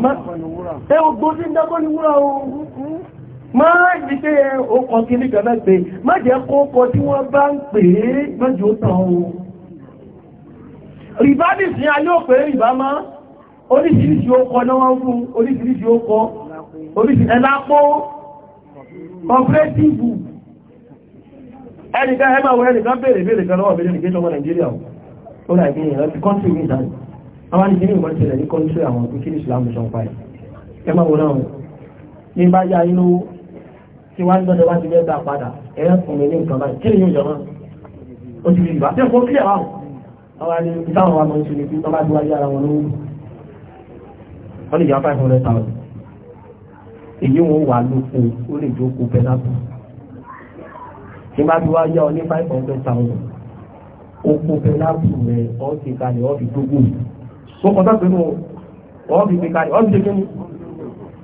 ẹ ògbó sí dákọ́ ní wúrà o má ní pé ó kọ kí ní gàmẹ́ pé má jẹ́ kó kọ tí wọ́n bá ń pè é mẹ́jọ tán o rìbá ní sí ayé òpè rìbá má oríṣiríṣi ókọ náà wọ́n fún oríṣiríṣi ókọ oríṣiríṣi ẹlápó kọfẹ́tìbù ẹnìkan ẹgbàwọ̀ ẹnìkan bèèrè bèèrè kan lọ́wọ́ bèèrè nìkéjọba Nàìjíríà ó láìpé ìrántí kọ́ntì ní ìdájọ́ àwọn àdìsílẹ̀ ìwọ̀n ṣẹlẹ̀ ní kọ́ńtì àwọn òkú kíni ìsìlámù sọ pa ẹ̀ ẹ máa wò náà ní bá yá inú tí wọ́n ń dọ́dọ̀ bá ti fẹ́ gbà padà ẹ fún mi ní nǹkan báyìí kí ni yóò jọmọ́ ó ti fi ìgbà tí kò kílẹ̀ wà àwọn àni ìtàwọn wa mọ̀ ní ṣùgbọ́n tó bá ti wáyé ara wọn lówó wọ́n lè yá five hundred thousand èyí wọn wà lóko ó lè jókòó pẹ́lápù tí bá ti wá yá ọ ní five hundred thousand ó kó pẹ́lápù rẹ̀ ọ́ ti kalẹ̀ ọ́ fi dógò yìí mo kàn tó pinnu wọ́n fi pèkà wọ́n fi pèkà ní.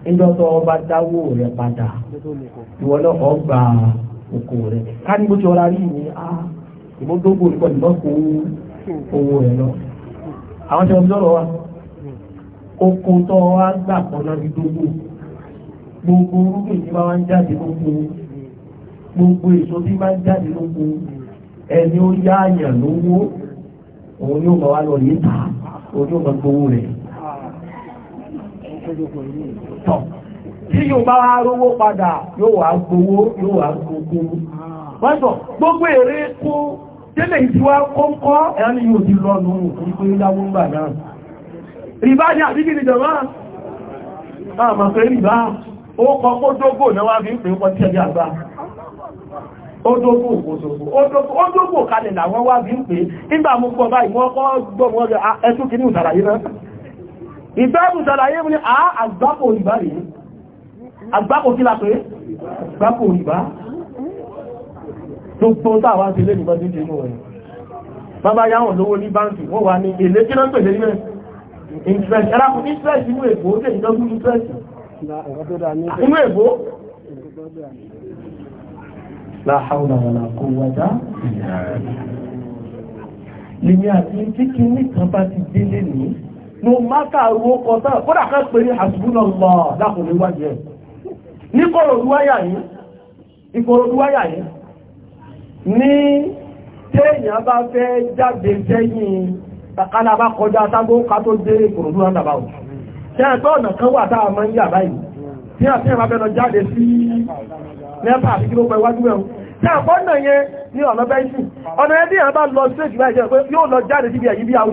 níjọ́ tó ọba dáwó rẹ̀ padà ìwọ náà ọ̀ gba oko rẹ̀ ká ní bó ti ọ̀la rí ni a ah, ìmúdógó nìkan ìbọn kó owó rẹ̀ lọ. àwọn tí wọ́n fi sọ̀rọ̀ wa oko tó wá gbà kan náà fi dógó gbogbo orúkọ ìdí máa ń jáde lóko gbogbo èso tí máa ń jáde lóko ẹni ó yá lówó òun yóò máa wá lọ rí ta. ojú ọmọ gbowó rẹ̀ tọ̀ tí yóò bá wá rówó padà yóò wá gbowó yóò wá gbogbo gbogbo èrè kó tẹ́lẹ̀ yóò ti ìpé náà ní jọmọ́ ó dógò náà wá ódógò òdògò ódógò kalẹ̀ làwọn wá bí ń pè nígbà mú pọ̀ báyìí wọ́n kọ́ gbọ́mọ́ rẹ̀ ah, ẹtú kì ní ìsàlàyé náà ìfẹ́ ìsàlàyé mú ní àá ah, àgbákò ìbá rèé àgbákò kí la pé àgbákò ìbá gbogbo táwa ti lé nìkan dídé inú rẹ̀ bàbá yáwọn lówó ní báńkì wọ́n wà ní èlé kí lọ́n pèlè nílẹ̀ interest ẹ̀rákùn interest inú èbó ó tẹ̀ ìdọ́gbù interest inú èbó la hawla wala quwwata lèmi àti tí kí ní kan bá ti délé ní no mátà owó kọta kódà ká pè ní àṣùgbọ́nà lọ lákòólé wáyé ẹ̀ ní kòròdúwáyà yìí ìkòròdúwáyà yìí ní téèyàn bá fẹ́ jáde sẹ́yìn takala bá kọjá ságbó ká tó dé ìkòròdúwáyà nàbà ò ṣe ẹ̀tọ́ ọ̀nà kan wà tá a máa ń yà báyìí tí àti ìrànlọ́jáde sí nẹ́pà àti kíló pẹ̀ wájú mẹ́rún tí àpọ́ ọ̀nà yẹn ní ọ̀nà bẹ́ẹ̀sì ọ̀nà yẹn tí bá lọ sí èjìlá ìjẹ́ pé yóò lọ jáde síbi ẹ̀yí bí a ó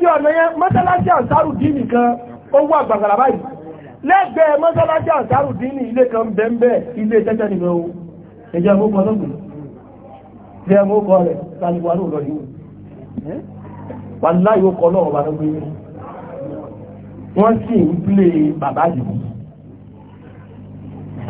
ní ọ̀nà yẹn mọ́sálásí àǹsárù dín nìkan ó wà báyìí lẹ́gbẹ̀ẹ́ mọ́sálásí àǹsárù dín ilé kan bẹ́ẹ̀ ilé tẹ́tẹ́ nìkan o ẹ̀jẹ̀ mú kọ́ lọ́gbìn jẹ́ mú kọ́ rẹ̀ láti wà lóòrọ̀ yìí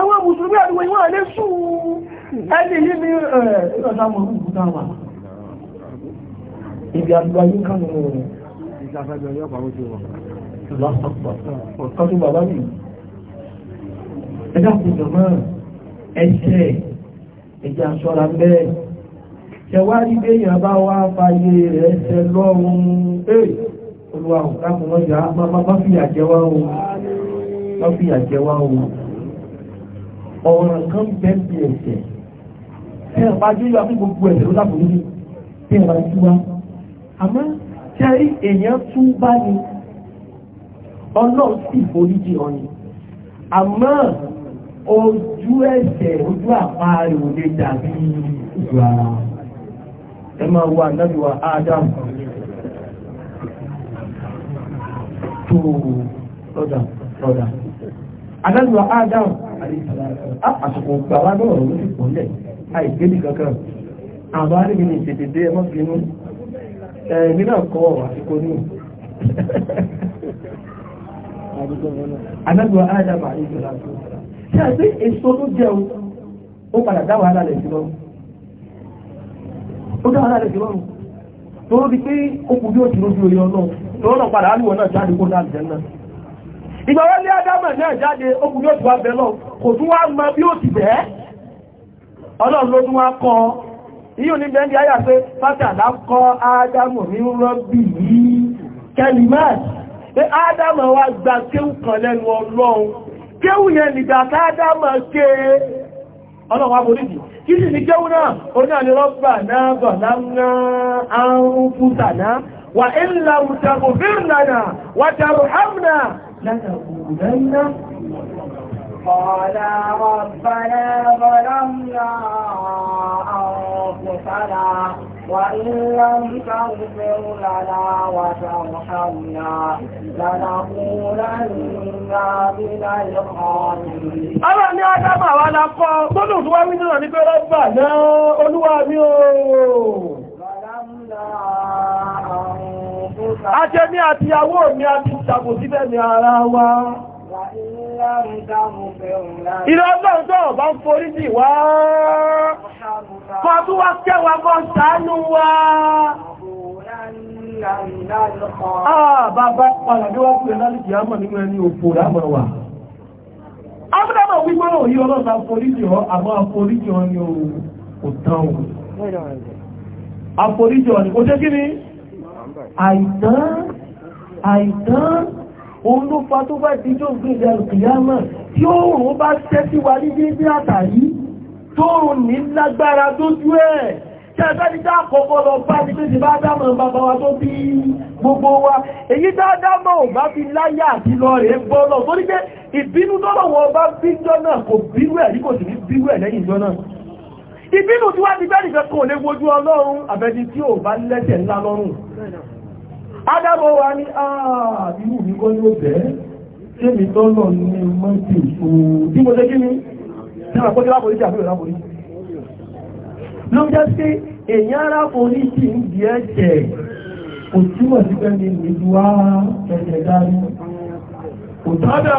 àwọn mùsùlùmí àdúgbò ìwọ̀n lè sùn ẹni yìí ní ìrọ̀sá mọ̀ ní ìbúdá wà ibi àdúgbò ayé kan nínú rẹ̀ ìgbàfẹ́gbẹ̀ yóò pàwọ́ sí wọn lọ́sọ̀pọ̀ bàbá mi ẹjọ́ kùjọ mọ́ ẹsẹ̀ ìjà sọ́ra bẹ́ẹ̀ ṣẹ̀wárí béèyàn bá wá fàyè rẹ̀ ṣẹ lọ́rùn ee olùwà òkà mọ́ ọjà ọ̀rọ̀ kan bẹ́ẹ̀ bí ẹ̀sẹ̀ ẹ̀ bá jẹ́ yọ fún gbogbo ẹ̀sẹ̀ ló dàpọ̀ lórí bí ẹ̀ bá tú wá àmọ́ sẹ́rí èèyàn tún bá ní ọlọ́run sì foríjì ọ̀nì àmọ́ ojú ẹ̀sẹ̀ ojú àpá rẹ̀ ò lè dàbí ìlú ara ẹ máa wo ànábì wa Adam tó lọ́dà lọ́dà adájọ́ adam àsìkò gbàwá náà ló ti pọ̀ lẹ̀ àìgbé ní kankan àwọn arìnrìn ní ìṣètè dé ẹmọ́ bínú ẹ̀mí náà kọ́ àsìkò ní adájọ́ adam àìgbé lásìkò ṣe àti èso ló jẹun ó padà dá wàhálà lẹ̀ sí lọ́rùn ó dá wàhálà lẹ̀ sí lọ́rùn tó ló di pé ó kù bí ó ti lójú orí ọlọ́run lọ́rọ̀ padà á lùwọ̀ náà jáde kó dá àlùjẹ́ náà ìgbàwọlé adámà náà jáde okùnrin òtù abẹ́ lọ kò tún wá mọ bí ó ti bẹ́ ọlọ́run ló tún wá kọ yíò ní bẹ́ndì ayà pé fátàlá kọ́ ádámù ní gba kéwù kan lẹ́nu ọlọ́run kéwù yẹn nìgbà ká ké ọlọ́run wá kewu kí sì ní kéwù náà ó náà لتقولن قالا ربنا ظلمنا أنفسنا وإن لم تغفر لنا وترحمنا لنكونن Àwọn ni Ádámà wa la kọ́ gbọ́dọ̀ tó wá wí náà ní pé rọ́bà náà olúwa mi ooo. ajẹ́ mi àti ìṣàbò síbẹ̀ ní ara wa ilẹ̀ ọlọ́run tó ọ̀bá ń forí jì wá kọ́ tó wá ṣàánú wa ah, bàbá pàdàdé nínú ẹni òpò ọlọ́ta foríjì ọ àmọ́ ọ ni ò tán ọ ni kò jẹ́ kí ni àìtán àìtán òun ló fa tó bá ti jọ gbìyànjẹ́ ìkìyàmọ̀ tí oòrùn bá tẹ́ sí wa ní dédé àtàrí tó rùn ní lágbára tó jú ẹ̀ tí a bá ti dá àkọ́kọ́ lọ bá ti pé ti bá dámọ̀ bàbá wa tó bí gbogbo wa èyí dáadámọ̀ ò bá fi láyà àti lọ rẹ̀ bọ́lọ̀ tó ní pé ìbínú tọ́lọ̀ wọn bá bí jọ́nà kò bírú ẹ̀ ní kò sì ní bírú ẹ̀ lẹ́yìn jọ́nà ìbínú tí wá ti bẹ́ẹ̀ nìkan kò lè wojú Ọlọ́run àbẹ́ni tí ò bá lẹ́sẹ̀ ńlá lọ́rùn Adábọ̀ wa ní ààbínú ah, mi kọ́ yóò bẹ́ ṣe mi tọ́lọ̀ ní mọ́tí òòrùn tí mo ṣe kí ní ṣíwà pọ́ sí lápòrí sí àbúrò lápòrí. Ló jẹ́ sí èyàn ara forí sí ń di ẹ̀jẹ̀ kò túmọ̀ sí pẹ́ndì ìlú wá ẹ̀jẹ̀ dání. Kò tọ́jọ́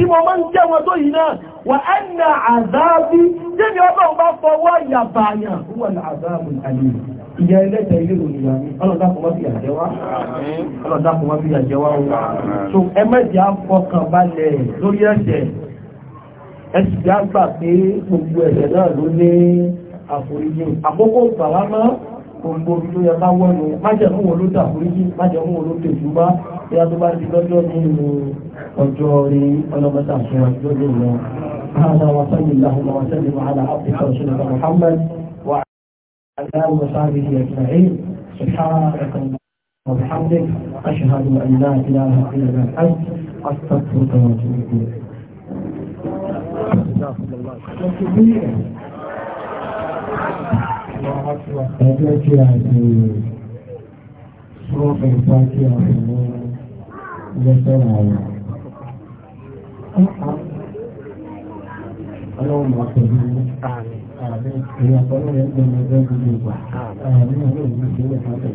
tí mo máa ń jẹ́ wọn tó yìí náà wà á nà àzáàbí jẹ́mi ọlọ́run bá fọwọ́ yàbàyàn wọ́n nà àzáàbù àlè ìyá ẹlẹ́tẹ̀ ilé òníyà mi ọlọ́dàkùn wọ́n fi àjẹ́ wá ọlọ́dàkùn wọ́n fi àjẹ́ wá wọ́n so gbogbo ibi tó yẹ ká wọ́nu májẹ̀mú wo ló dàbúríjì májẹ̀mú wo ló tèjúbá ìyá tó bá di lọ́jọ́ nínú ọjọ́ rí ọlọ́mọta àṣírà lórí ìlú هذا وصلى اللهم وسلم على عبدك ورسولك محمد وعلى اله وصحبه اجمعين سبحانك وبحمدك اشهد ان لا اله الا انت استغفرك واتوب اليك Thank you ẹgbẹ́ kí a ṣe sọ́ọ̀fẹ́ ìfá kí a ṣe ní lẹ́sẹ̀rẹ̀ àwọn. Ọlọ́run máa pẹ̀lú ààrẹ ìyàtọ̀ lórí ẹgbẹ́ ẹgbẹ́ gbogbo ìgbà. Ààrẹ ìyàtọ̀ lórí ẹgbẹ́ ìgbà.